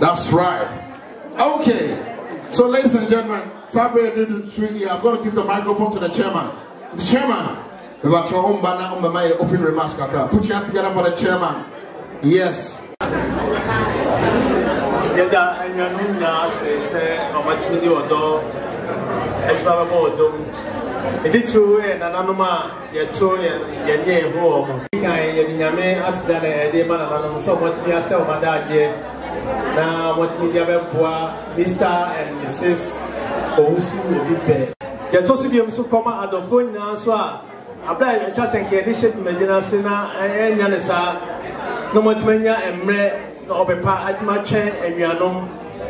That's right. Okay. So, ladies and gentlemen, Sabre I'm going to give the microphone to the chairman. The chairman, open remarks. Put your hands together for the chairman. Yes. It is true, a na wɔtumi de abɛboa mr and mrs owusu obi pɛ yɛtɔ so biom so kɔma adɔfoɔ nyinaa so a abla yɛtwa sɛ nka yɛde hyɛ dwumagyina ase na ɛnya ne saa na wɔtumi anya mmerɛ na ɔbɛpa atumi atwɛn anuanom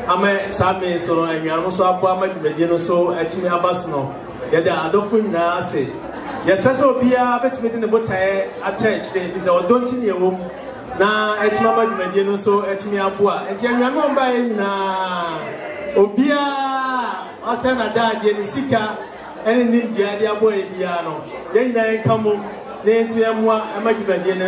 ama saa mmee so no anuanom so aboa ama dwumadie no so atumi aba so no yɛde adɔfoɔ nyinaa ase yɛsɛ sɛ obiara bɛtumi de ne botaeɛ atɛ akyire ɛfiri sɛ ɔdɔ nti ne ɛwɔ mu na ɛtumi ama dwumadie no nso ɛtumi aboa anwia anuane wɔn baeɛ nyinaa obiara ɔsɛ n'adagye ne sika ɛne ne ndia de aboa yɛ biara no yɛn nyinaa yɛn ka mu na yɛn ti ɛmoa ɛma dwumadie no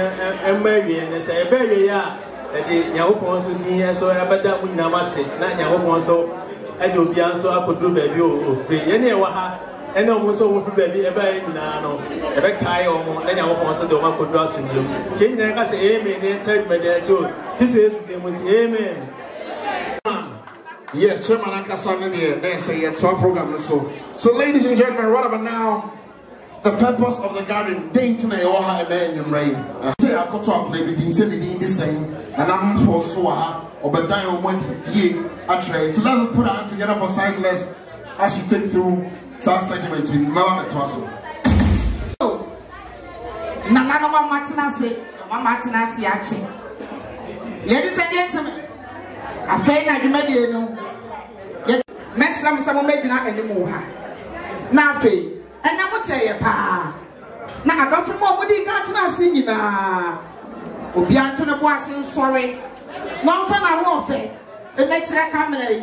ɛma awie na sɛ ɛbɛ awie yɛ a ɛde nyakopɔn nso din ɛso ɛbɛda mu nyinaa ase na nyakopɔn nso ɛde obiara nso akɔduru baabi ofiri yɛn ne yɛwɔ ha. ɛna ɔmo nso wɔn firi baabi ɛbɛɛ e nyinaa no ɛbɛkae ɔmo ɛnya wɔn wɔn nso de ɔmo akɔdo asomdwe tie nyinaa ka sɛ amen ne nkyɛn dwumadie akyi o kristu yesu de mu nti amen. Yes, Chairman Akasan here. They say yeah, 12 program so. So, ladies and gentlemen, right about now, the purpose of the garden, dating a oha ebe nyumre. Say I could talk maybe din say me din this saying, and I'm for so ha obedan omwadi ye atre. So let's put our hands together for sightless as you take through saa segment yi mmaba bɛtoa so nananom a matena ase ma matena ase akye yɛde sɛ deɛ ntimi afei na adwumadie no mɛsrɛ m sɛ mommɛgyina anim ha na afei ɛnɛ mokyɛ yɛ paa na adɔfo ma ɔmode ka tena ase nyinaa obiara to ne bo ase nsɔre na ɔmfa e na ho ɔfɛ ɛmɛkyerɛ kamera yi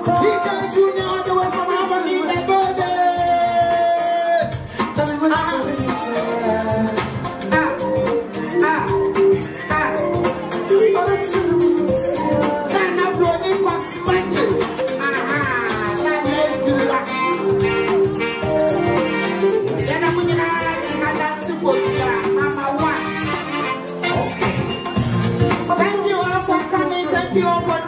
You pure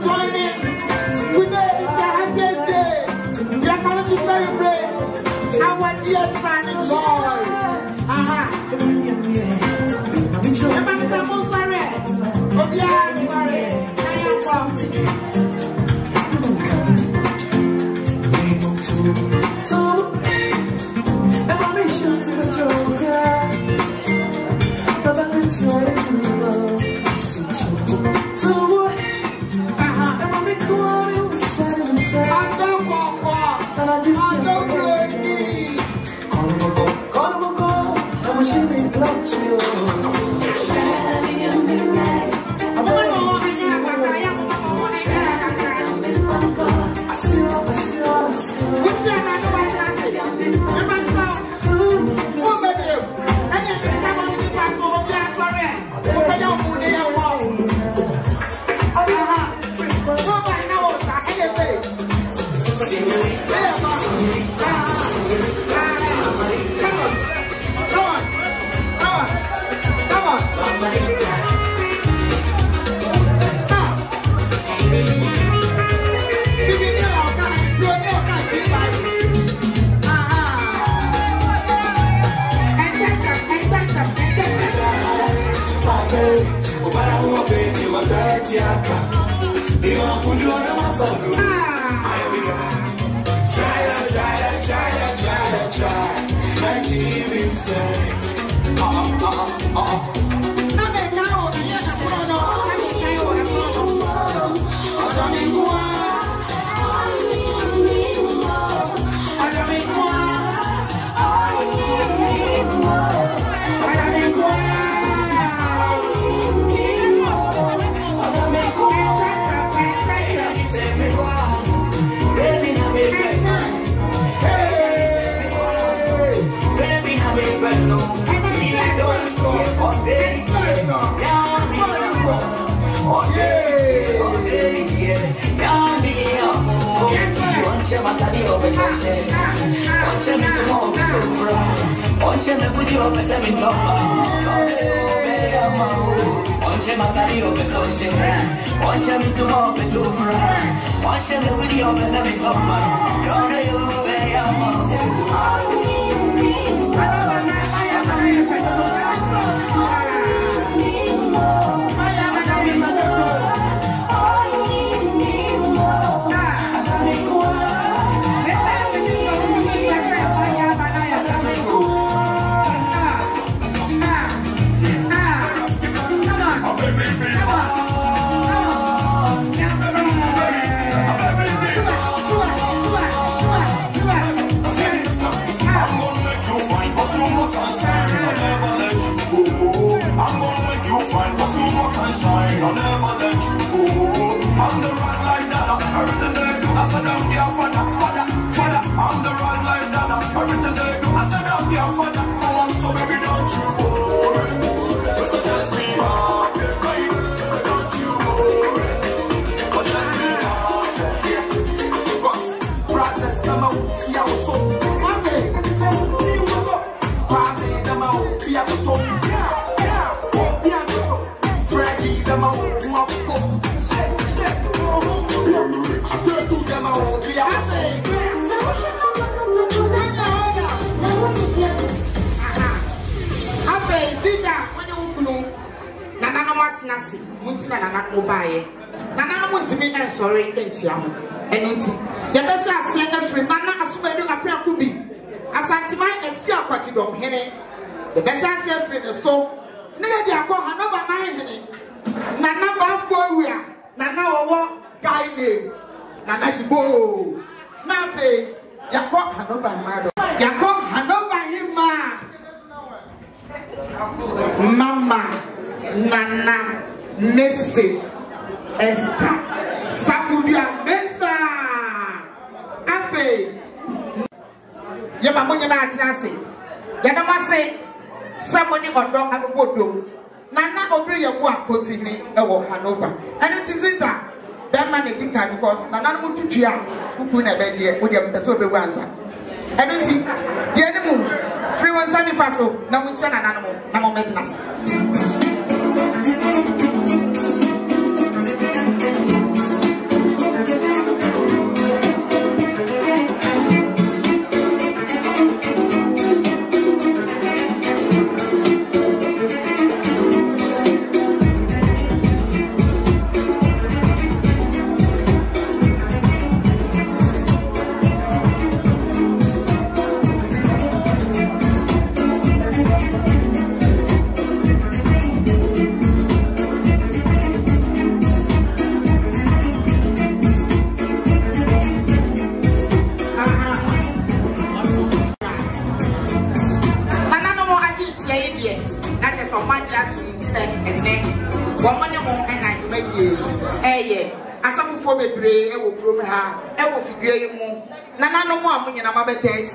Gracias.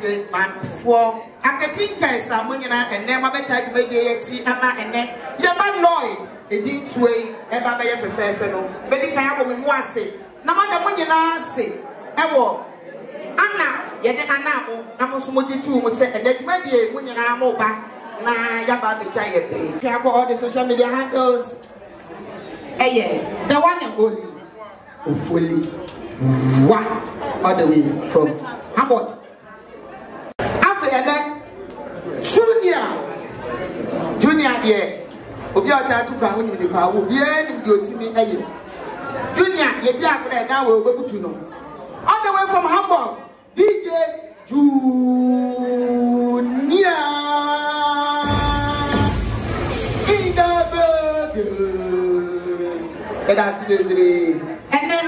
afei manfoɔ akatinka esamu nyinaa ɛnɛ mo abɛta dwumadie yɛ akyi ama ɛnɛ yɛba lloyd edi ntue yi ɛba e bɛyɛ fɛfɛɛfɛ no bɛdi kan abɔ mo mu ase na mo da mo nyinaa ase ɛwɔ e ana yɛde ana mo na mo nso mo gye tu mo sɛ ɛnɛ dwumadie mo nyinaa mo ba na yaba abɛgya yɛ pɛɛ kan abɔ all the social media handles ɛyɛ e the one and only ofoli wa all the way from hamburg yɛ dɛ junior junior deɛ obi a ɔtaa to kwan ho nim nipa wo obiara nim deɛ otimi ɛyɛ junior yɛdi agorɔ ɛna wɔ obebutu no all the way from hamburg dj junior in the building ɛda ase bebree ɛnɛ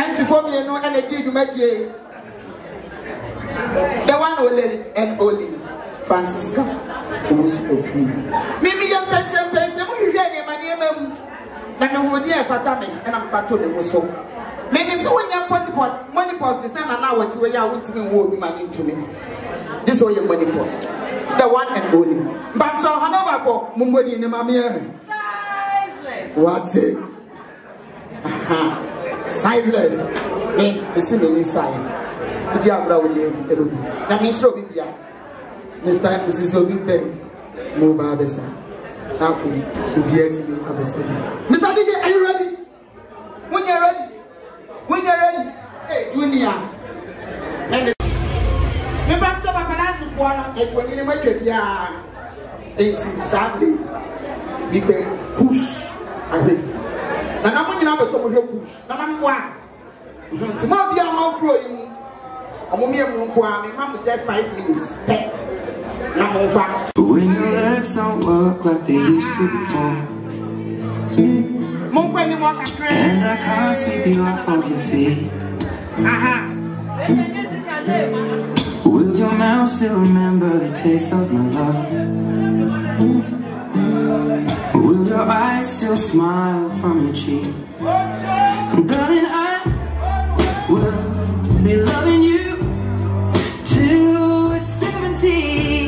ɛnsifoɔ mmienu ɛna di dwumadie. The one only and only Francisca Owusu-Ofirim. Mimi yɛ mpɛsɛ mpɛsɛ mu hwehwɛ nneɛma nneɛma mu na mehoni a ɛfata me ɛna mfa to ne ho so. Mimi sɛ wonyɛ moneypot moneypot de sɛ nana wɔte wɔyɛ a wontumi wo ma ne ntumi. This one yɛ moneypot. The one and only. Mpantɔ hana baako mumboni ne mameɛ me. Wate. Aha. Sizeless. Me, you see me ni size wodi awura wodi ɛlòmí nyame nhyerɛ obi bia mr mrs obi pɛ na ɔba abɛsa na afei obiara ti bi abɛsa dj are you ready when you ready when you ready hey junior ɛnni meba ntɛ papa n'asefoɔ no mfoni ne matwa biara eti saa mbe bi pɛ push ahwɛ bi nana mo nyinaa bɛ sɔ mo hwɛ push nana mo a ntoma bi a mo When your legs don't work like they used to before. And I can't sweep you off of your feet. Will your mouth still remember the taste of my love? Will your eyes still smile from your cheek? Darling, I will be loving you See.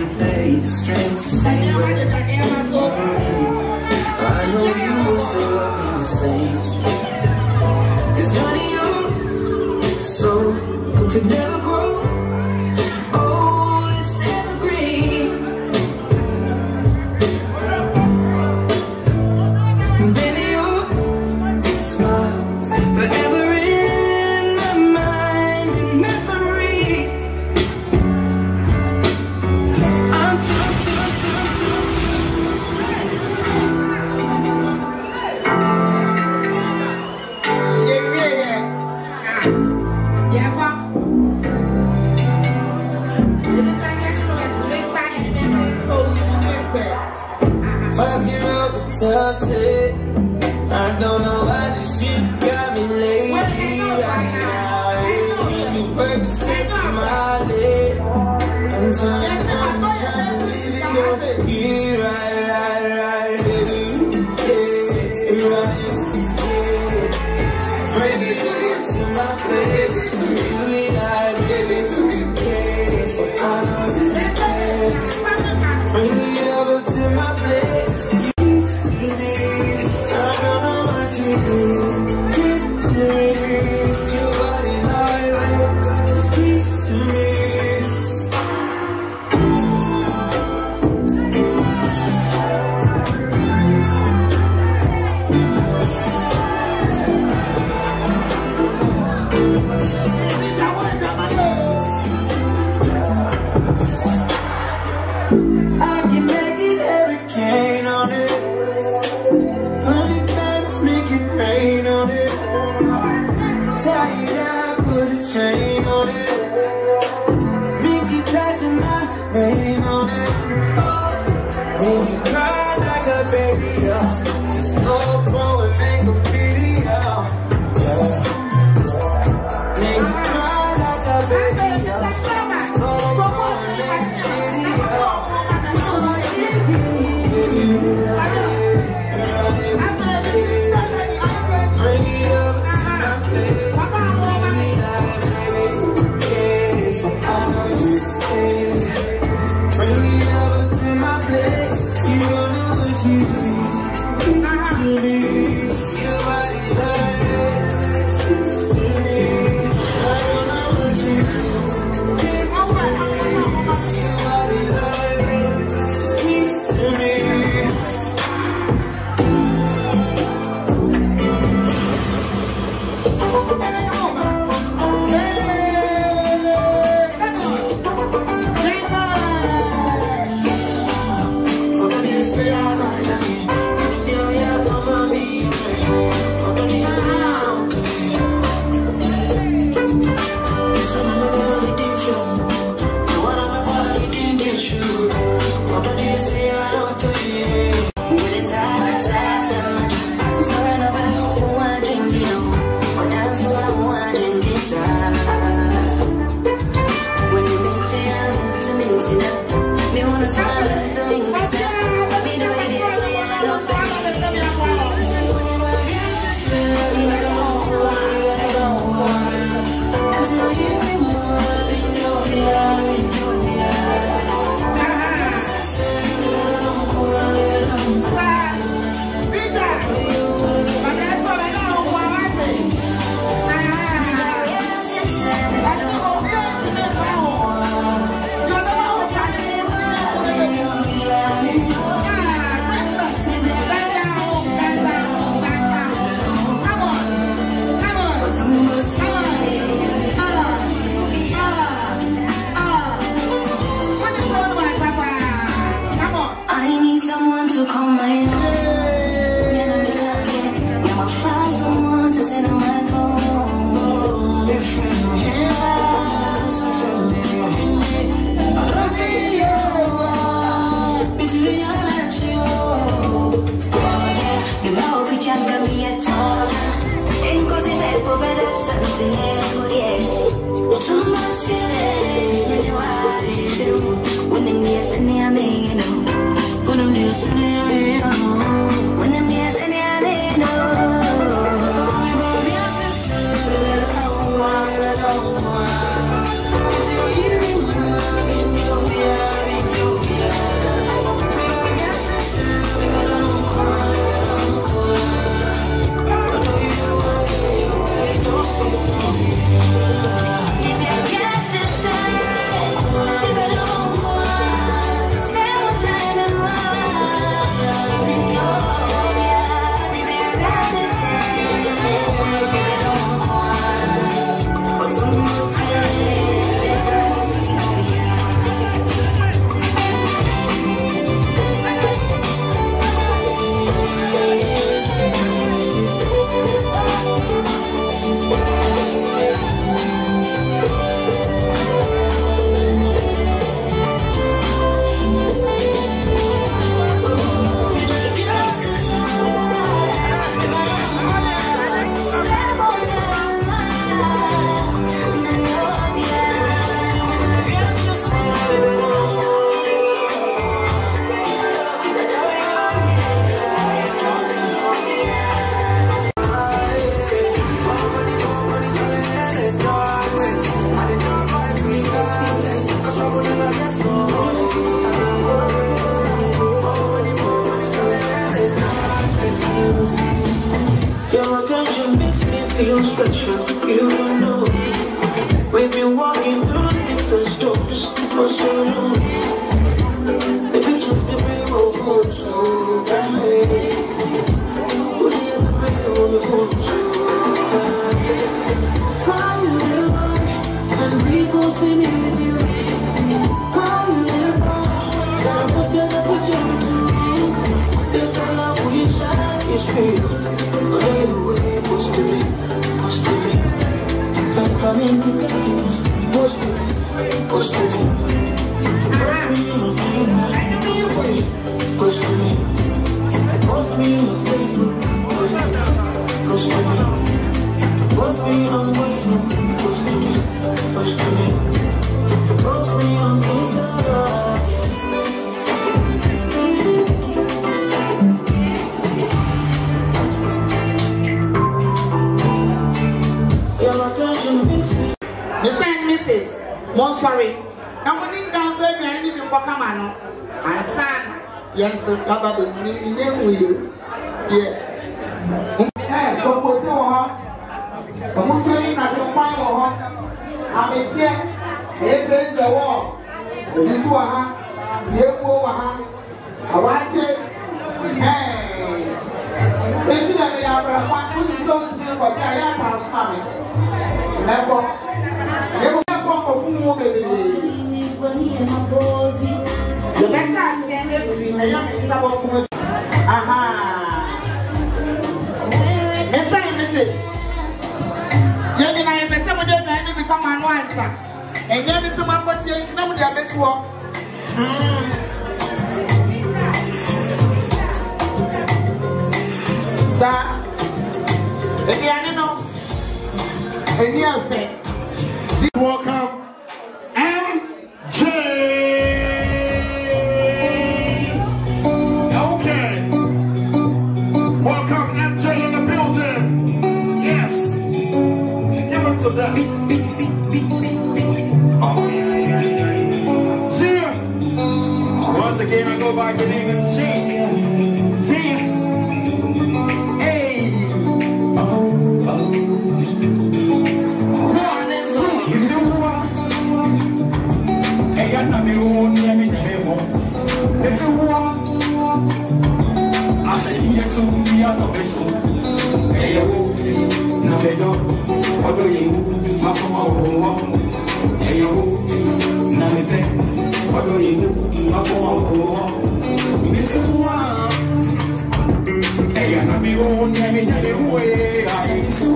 to play the strings the same way. I know you, still love me the same. It's only you, so could never.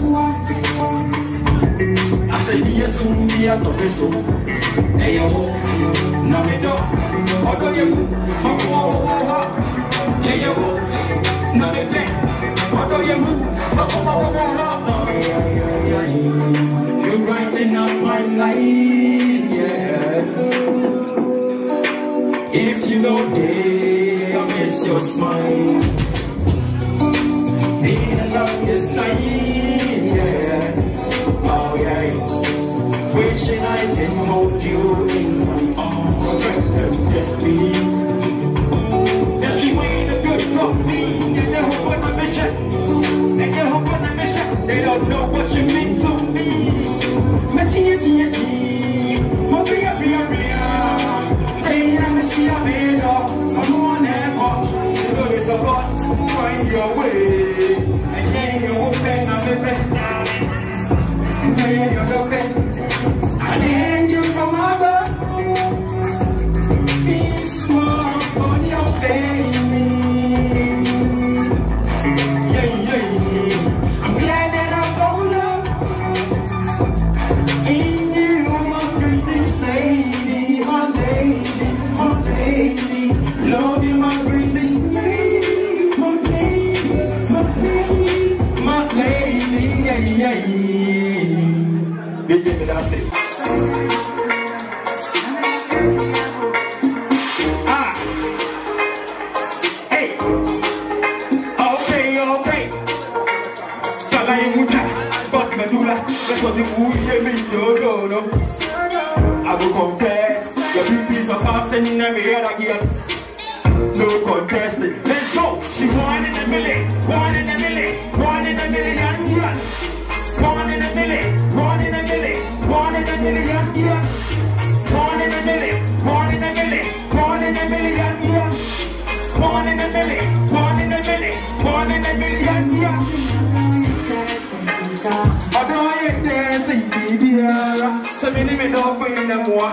You're writing up my life, yeah. If you I miss your smile. In alone darkest night. connection, I can hold you in my arms. Let just be you. ain't a good from me, and they're hoping I'm a And they're hoping I'm a They don't know what you mean to me. Machi, machi, machi. Mobia, bia, bia. Hey, I'm a shia, bia. I'm one and one. There is a lot, find your way. I can't open, I'm a bit. When you're open. assassin in every head again. No contesting. Let's go. She one in a million, one in a million, one in a million years. One in a million, one in a million, one in a million years. One in a million, one in a million, one in a million years. One in a million, one in a million, one in a million years. I don't like dancing, baby. So many men don't pay no more.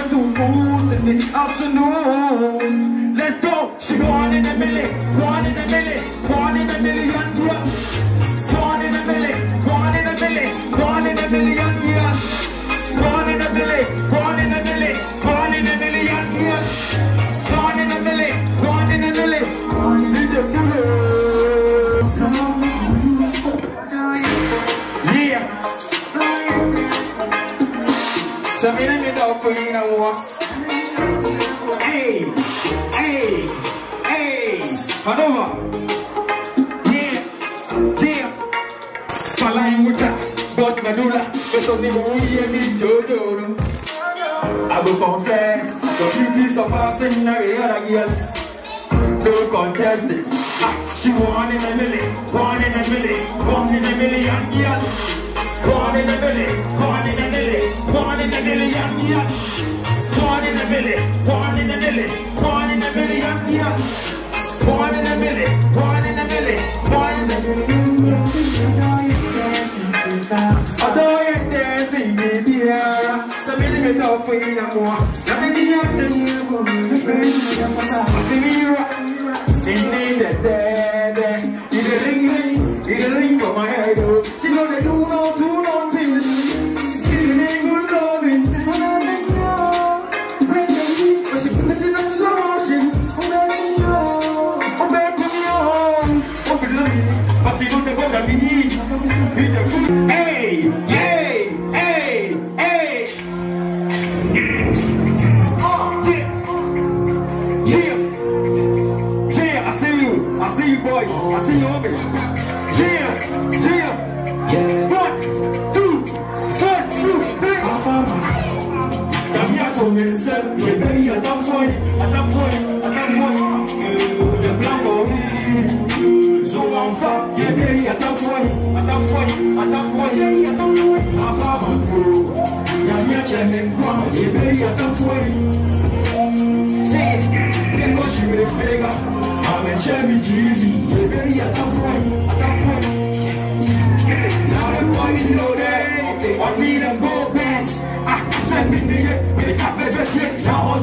two moves in the afternoon. Let's go. She one in a minute, one in a minute. I see you on me. Yeah, yeah. Yeah. What?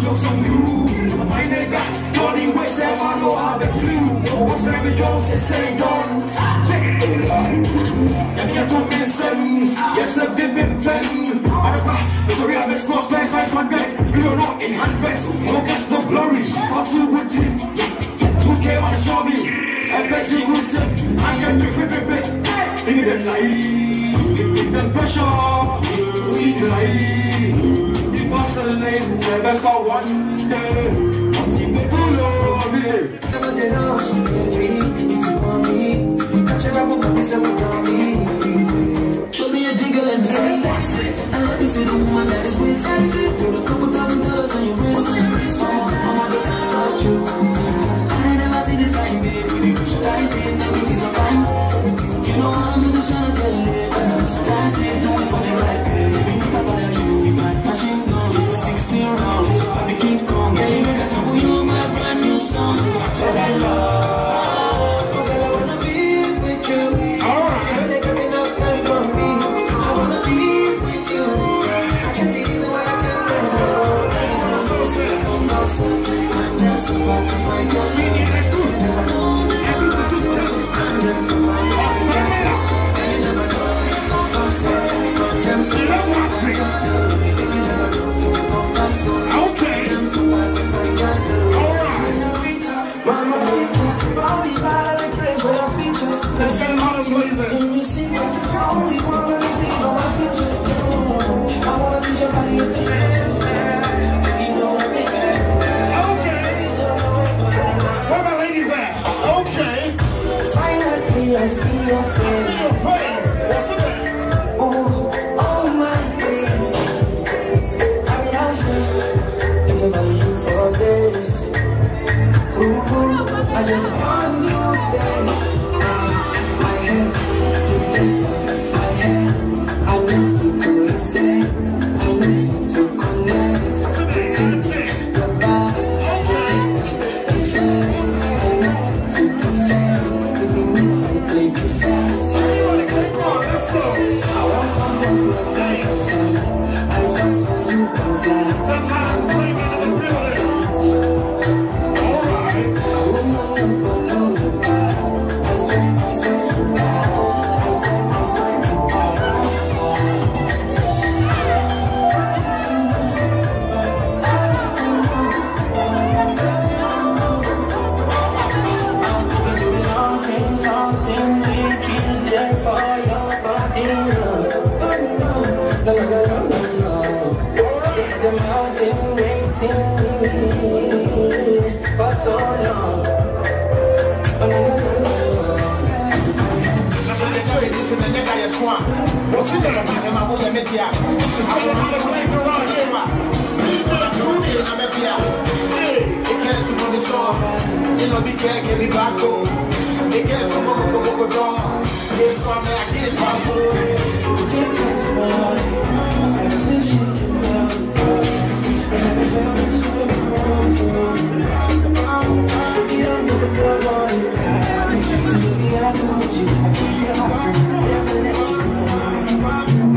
chose son nous My nigga, Johnny West, et Marlo avec nous Mon frère me donne ses singles Y'a rien qu'on m'aime, y'a ce bébé peine Araba, le sorry avec small space, fight my bed You are not in hundreds, no gas, no glory How too with him, who came and show me I bet you will say, I can do it, baby In the light. in the pressure, in the night let me see the woman that is with Put a couple thousand dollars on your wrist. I'm gonna I never see this kind, baby. You should wa wosi na na maa ɛma woyɛ me dea na I keep you happy, never let you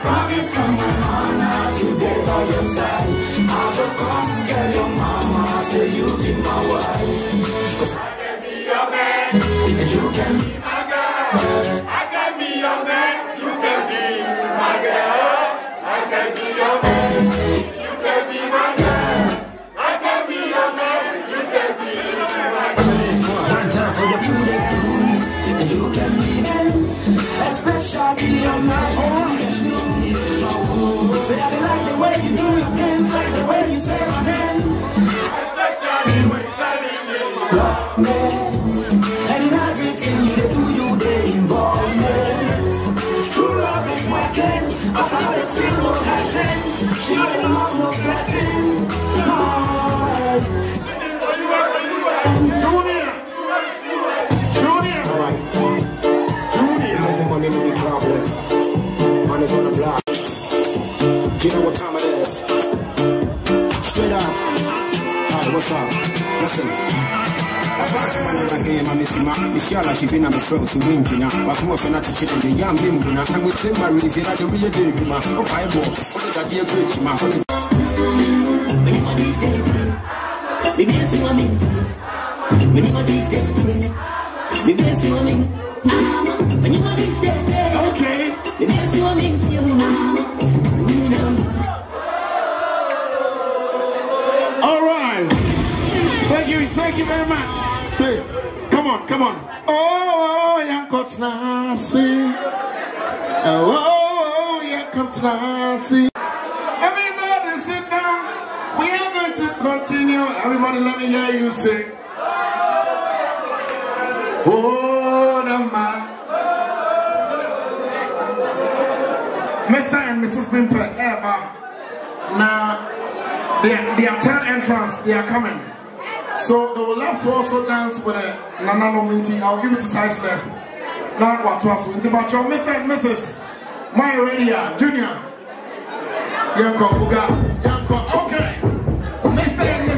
promise I'm to be by your side. I will tell your mama, say you be my I can be your man. you can be my girl. I can be your man. You can be my girl. I can be your man. Especially on my own way you do your dance, like the way you say my name. mamisima mikyala kibina muffe osubi nkina bakumufena tukirende yamba embuna man tebuye byebima opaebo otegabyeko ekima they are coming. So they will love to also dance with a Nana Nominti. I'll give it to size less. Now what was us, but your Mr. and Mrs. My Radio Junior. Yanko Buga. Yanko. Okay. Mr.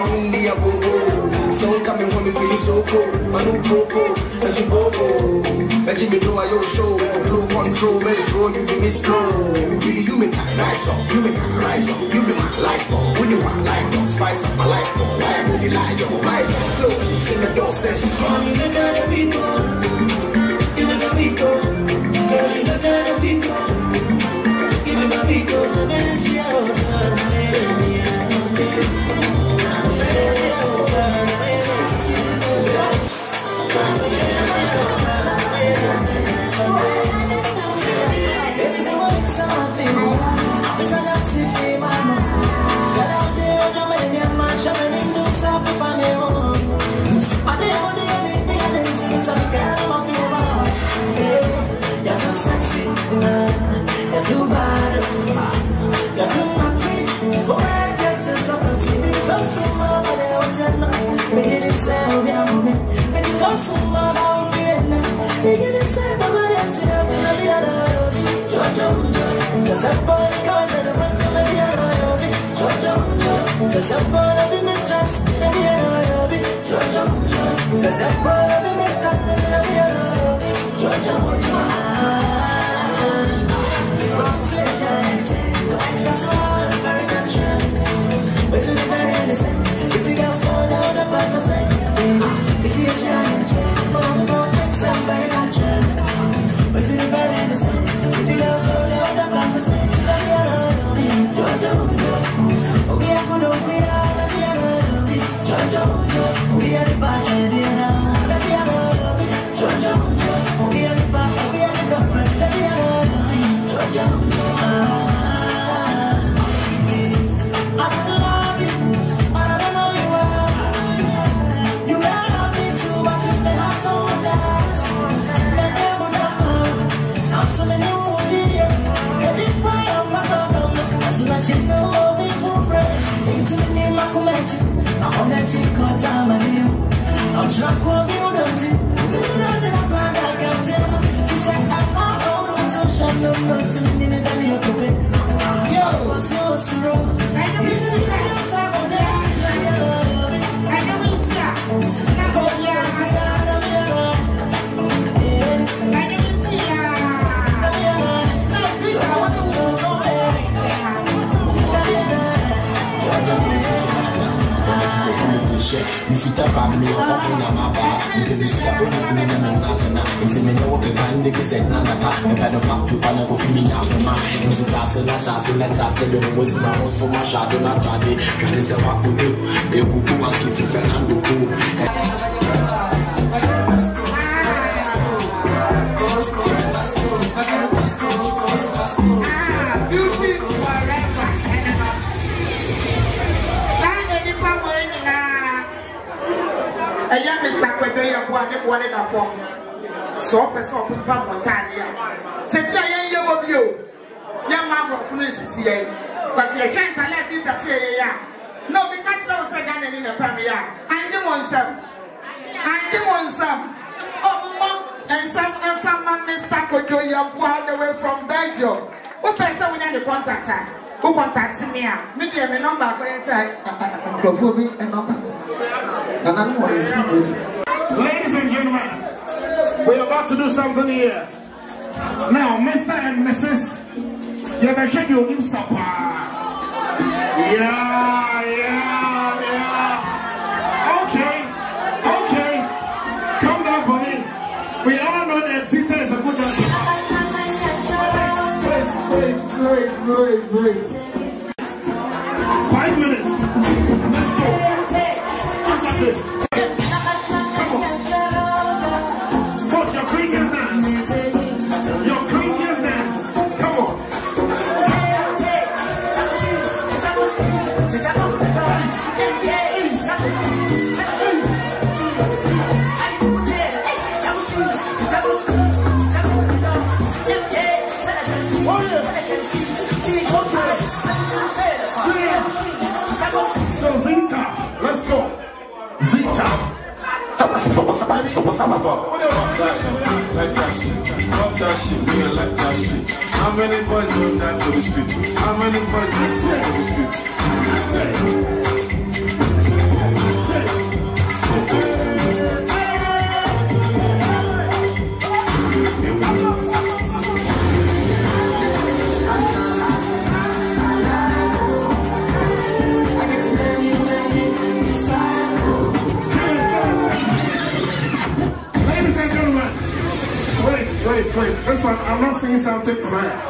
only a go go. Someone coming home and feel so cold. Manu Coco, that's a bobo. That Jimmy blow at your show. Blow control, where it's wrong, you give me slow. Really, you make I rise up, you make I rise up. You be my life ball, when you want life ball. Spice up my life ball, why I would you lie, yo? Right, flow, sing the door session. Mommy, you gotta be gone. You gotta be gone. Girl, you gotta be gone. You gotta be gone, so man, she out of my head. Georgia, Georgia, Ubiya kuno ubiya, ubiya kuno ubiya, ubiya kuno ubiya, ubiya kuno ubiya, ubiya kuno ubiya, ubiya that you call time you. I'll not You know that to shit. You should have probably a fucking on my bar. You can just stop it, you know, no, not enough. Until they know what the kind of is at Nana Pop. And better pop to Pana go for me now for my. And so that's a lash, I say, let's ask them to waste my own so much. I do not try it. That is a fuck to do. They will go and give you Fernando. ɛbɛyɛ boa ne boa ne da fam sɛ ɔpɛ sɛ ɔpepa mɔtaade a sɛsi a yɛnyɛ wɔ bi o yɛma aborɔfo no nsisi yɛn kwasi ɛhwɛ ntalɛte ntahyɛ yɛyɛ a na obi ka kyerɛ wo sɛ ghana ne ne pam yɛ a angye mo nsɛm angye mo nsɛm ɔmmɔ nsɛm ɛmfa ma mr kojo you all the away from belgium wopɛ sɛ wonya ne contact a ah? wo contact me ah? a me deɛ me nɔmba akɔyɛ sɛ nkurɔfoɔ bi nɔmba nana no wɔ ntimi bɔdi We are about to do something here. Now, Mr. and Mrs. You have a you give supper. Yeah, yeah, yeah. Okay, okay. Come down for me. We all know that sister is a good one. Wait, wait, wait, wait, wait. Five minutes. Let's go. like that shit. Fuck that shit, we ain't like that shit. How many boys don't die for the streets? How many boys don't die for the streets? Listen, I'm not saying something bad.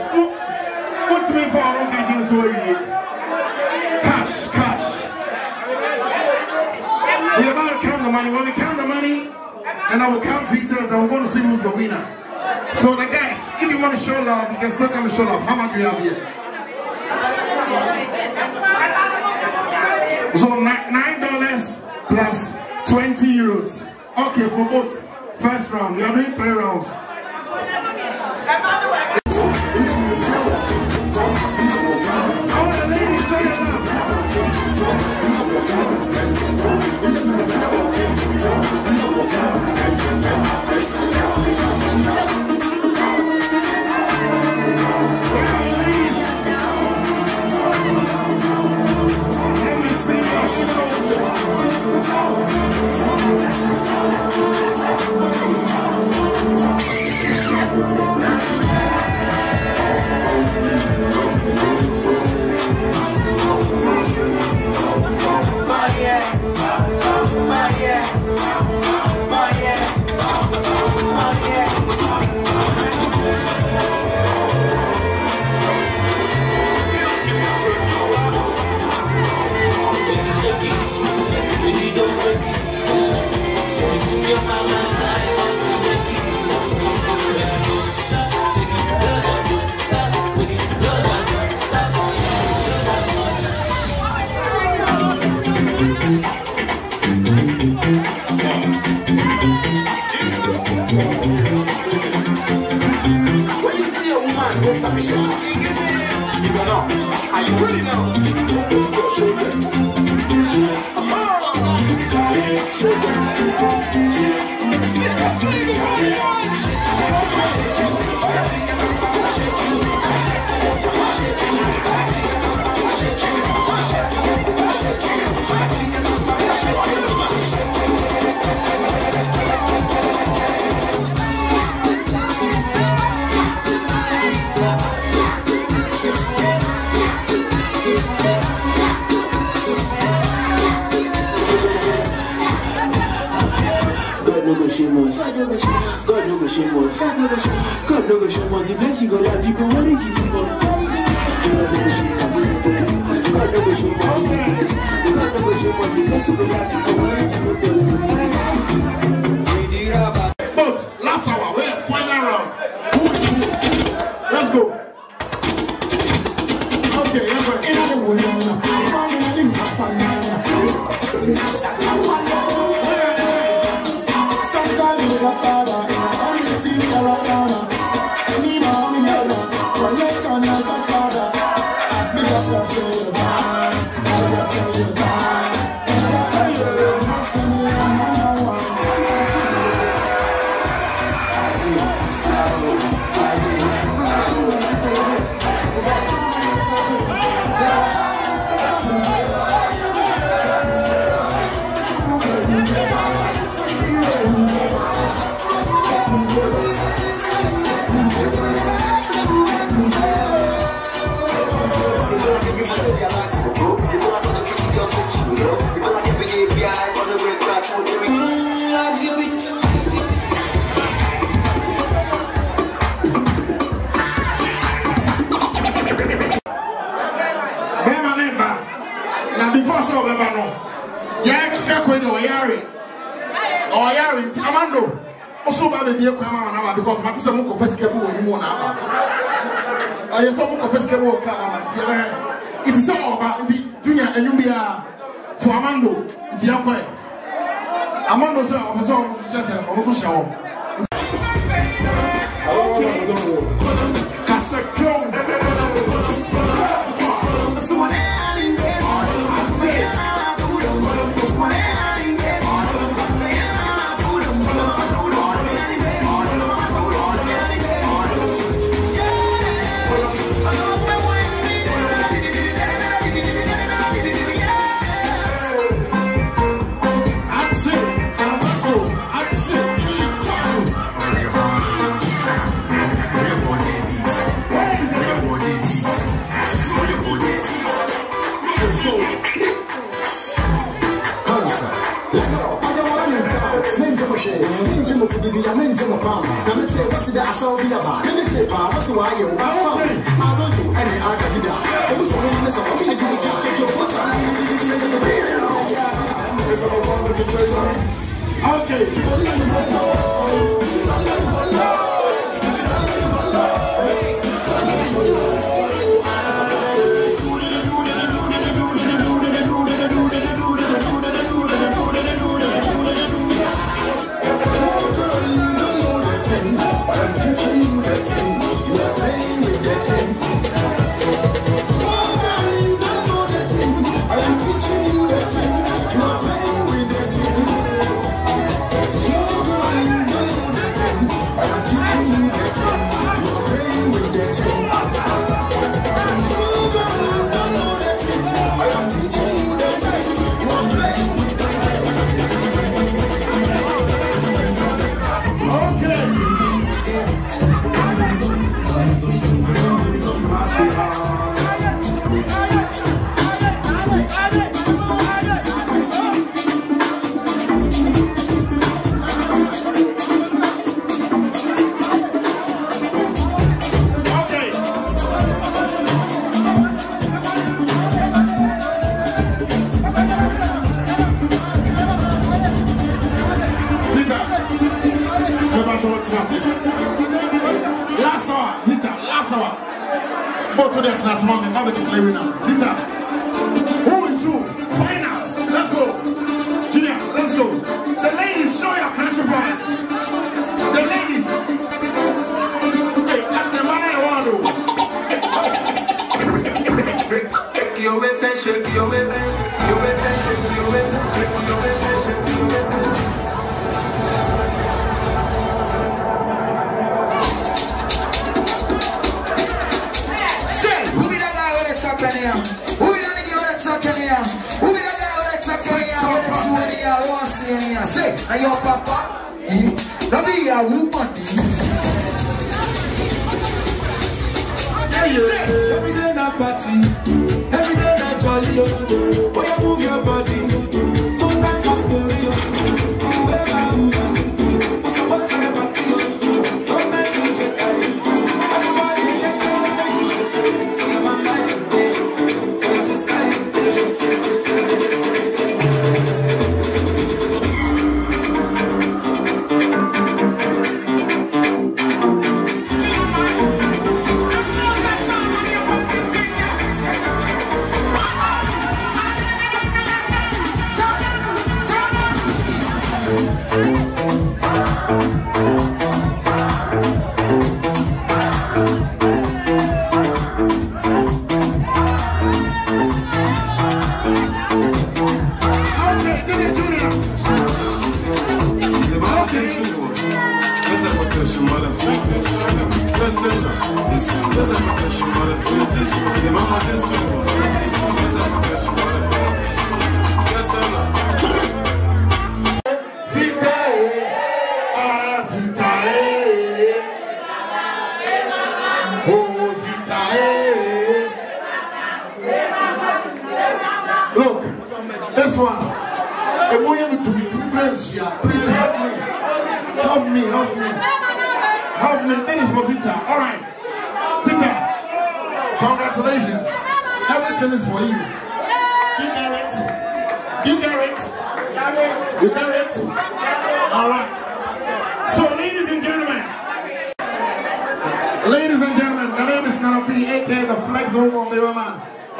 Cash, cash. We're about to count the money. When we count the money, and I will count details, then we're going to see who's the winner. So the guys, if you want to show love, you can still come and show love. How much do you have here? So nine dollars plus 20 euros. Okay, for both. First round. We are doing three rounds. Give me my mama. what she wants. God know go shame us. God know go shame us. The blessing go out, you go worry to he wants. God know go shame us. God know go shame us. God know go shame us. The blessing go out, you go worry to he wants.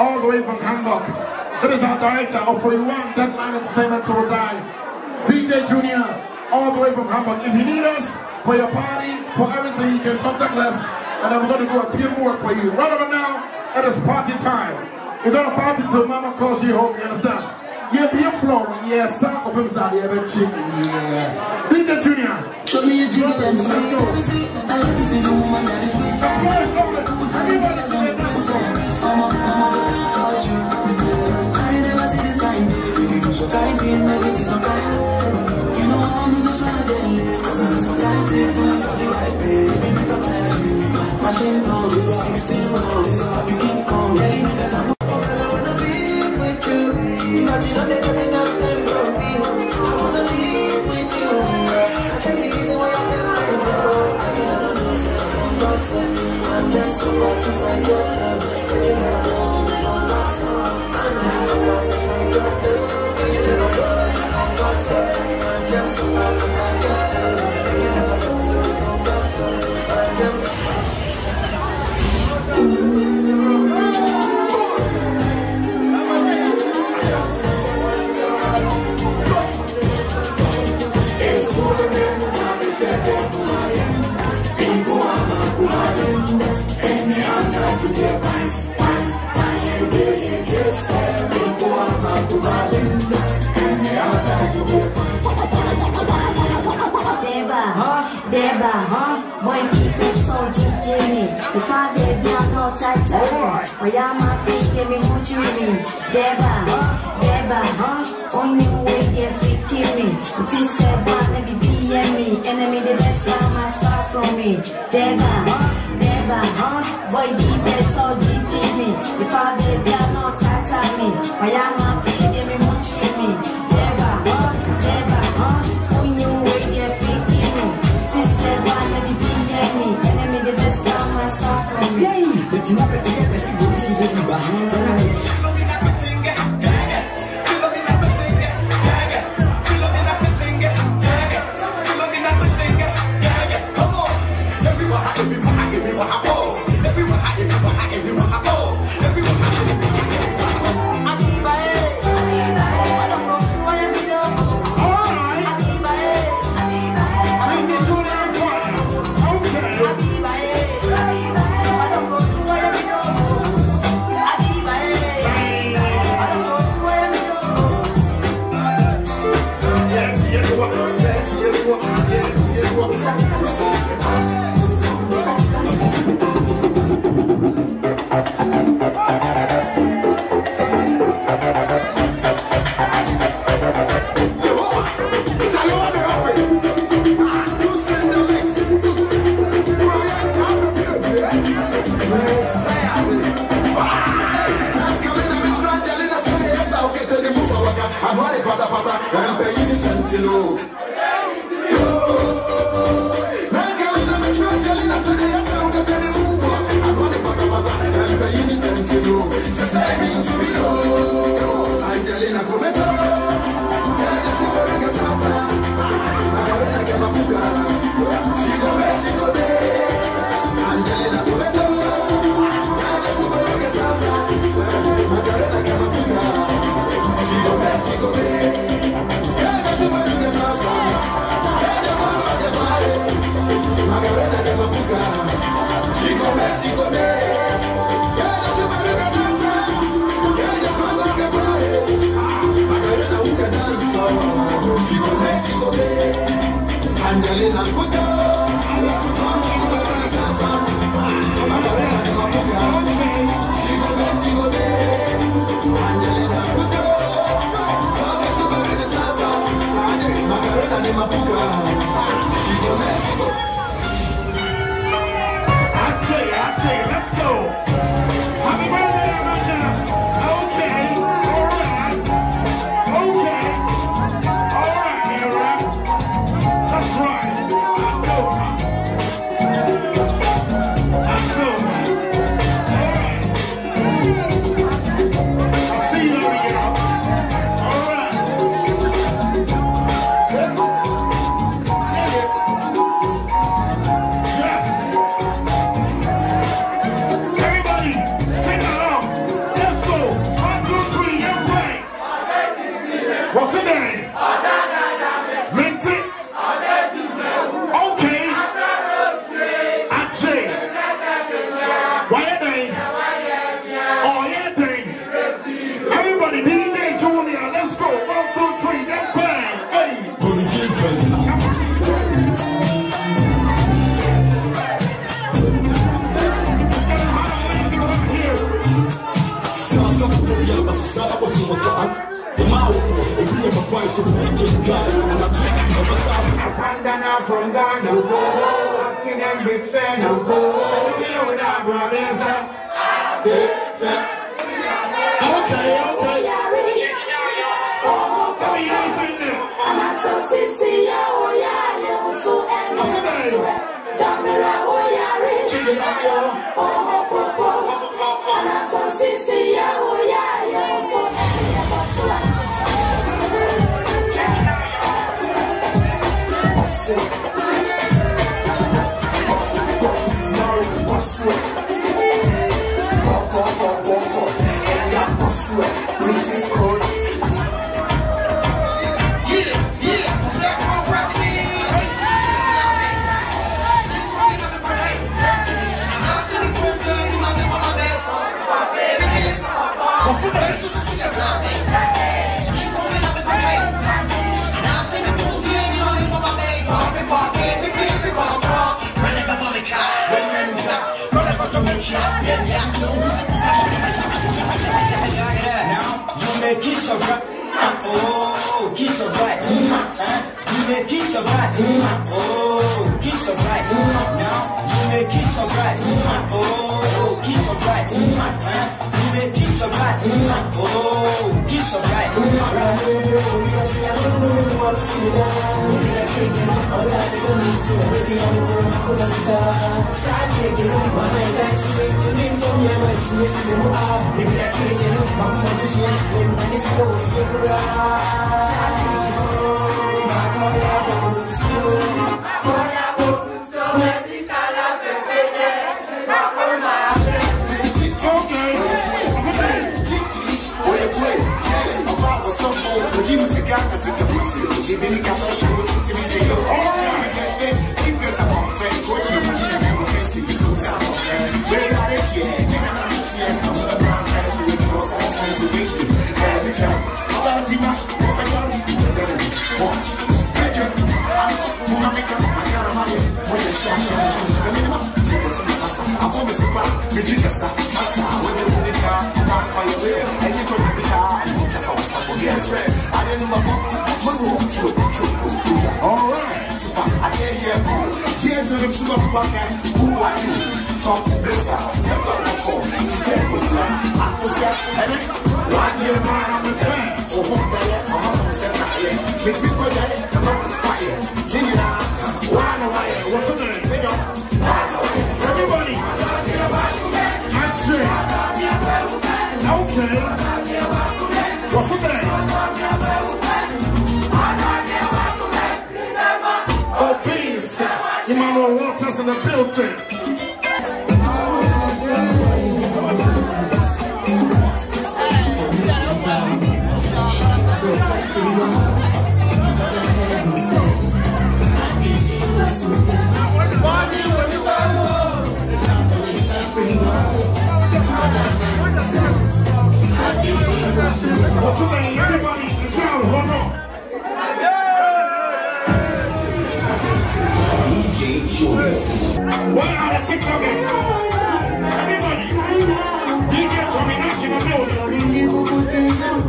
all the way from Hamburg. That is our director of 41 Deadline Entertainment Till Die. DJ Junior, all the way from Hamburg. If you need us for your party, for everything, you can contact us and I'm going to do a beautiful work for you. Right over now, it is party time. It's not a party till mama calls you home, you understand? yɛbie frɔ no yɛsa kɔpem sɛ ade yɛbɛkye dj junior Show me a jiggle and see. I love to see the woman that is with I I'm 16 months. You keep calling, so far to find your Boy, keep it so Jimmy. If I did not know tight over, my feet give me what you Deba, Deba, only way can fit me. But he said, but let me me. Enemy the best time I start from me. Deba, Deba, boy, keep it so Jimmy. If I did my God.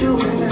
I'm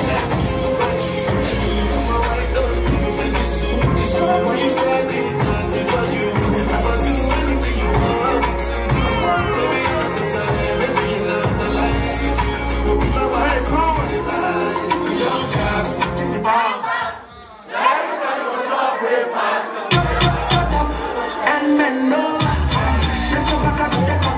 Gracias.